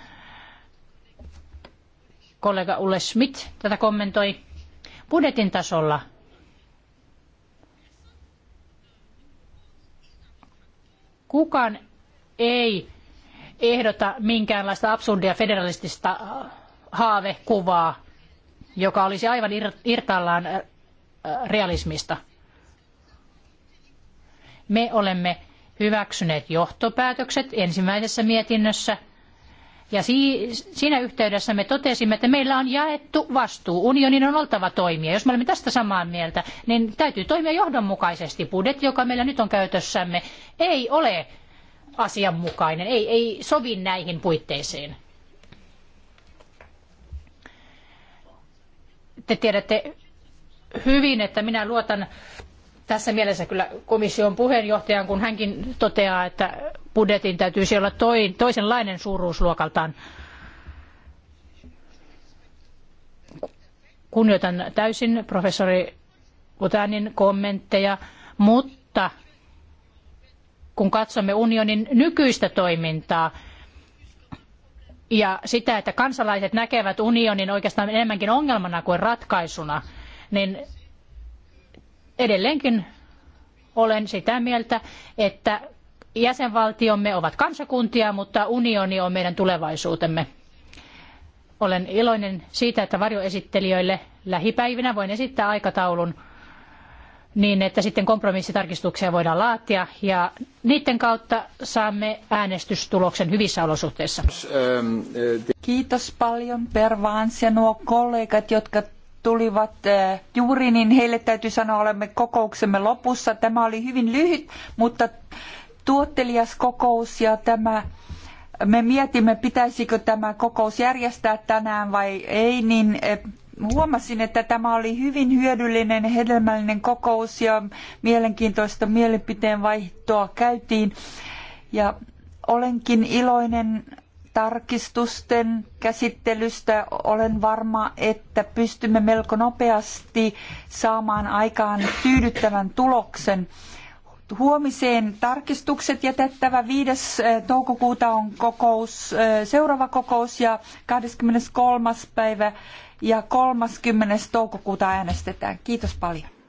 kollega Ulle Schmidt tätä kommentoi, budjetin tasolla kukaan ei ehdota minkäänlaista absurdia federalistista äh, haavekuvaa, joka olisi aivan irtaallaan äh, äh, realismista. Me olemme hyväksyneet johtopäätökset ensimmäisessä mietinnössä – ja siinä yhteydessä me totesimme, että meillä on jaettu vastuu. Unionin on oltava toimia. Jos me olemme tästä samaa mieltä, niin täytyy toimia johdonmukaisesti. Budjetti, joka meillä nyt on käytössämme, ei ole asianmukainen, ei, ei sovi näihin puitteisiin. Te tiedätte hyvin, että minä luotan tässä mielessä kyllä komission puheenjohtajan, kun hänkin toteaa, että budjetin täytyisi olla toi, toisenlainen suuruusluokaltaan. Kunnioitan täysin professori Utanin kommentteja, mutta kun katsomme unionin nykyistä toimintaa ja sitä, että kansalaiset näkevät unionin oikeastaan enemmänkin ongelmana kuin ratkaisuna, niin edelleenkin olen sitä mieltä, että jäsenvaltiomme ovat kansakuntia, mutta unioni on meidän tulevaisuutemme. Olen iloinen siitä, että varjoesittelijöille lähipäivinä voin esittää aikataulun niin että sitten kompromissitarkistuksia voidaan laatia ja niiden kautta saamme äänestystuloksen hyvissä olosuhteissa. Kiitos paljon Pervaans ja nuo kollegat, jotka tulivat eh, juuri, niin heille täytyy sanoa, olemme kokouksemme lopussa. Tämä oli hyvin lyhyt, mutta tuottelias kokous ja tämä me mietimme, pitäisikö tämä kokous järjestää tänään vai ei, niin eh, huomasin, että tämä oli hyvin hyödyllinen, hedelmällinen kokous ja mielenkiintoista mielipiteen vaihtoa käytiin. Ja olenkin iloinen tarkistusten käsittelystä. Olen varma, että pystymme melko nopeasti saamaan aikaan tyydyttävän tuloksen. Huomiseen tarkistukset jätettävä 5. Eh, toukokuuta on kokous, eh, seuraava kokous ja 23. päivä ja 30. toukokuuta äänestetään. Kiitos paljon.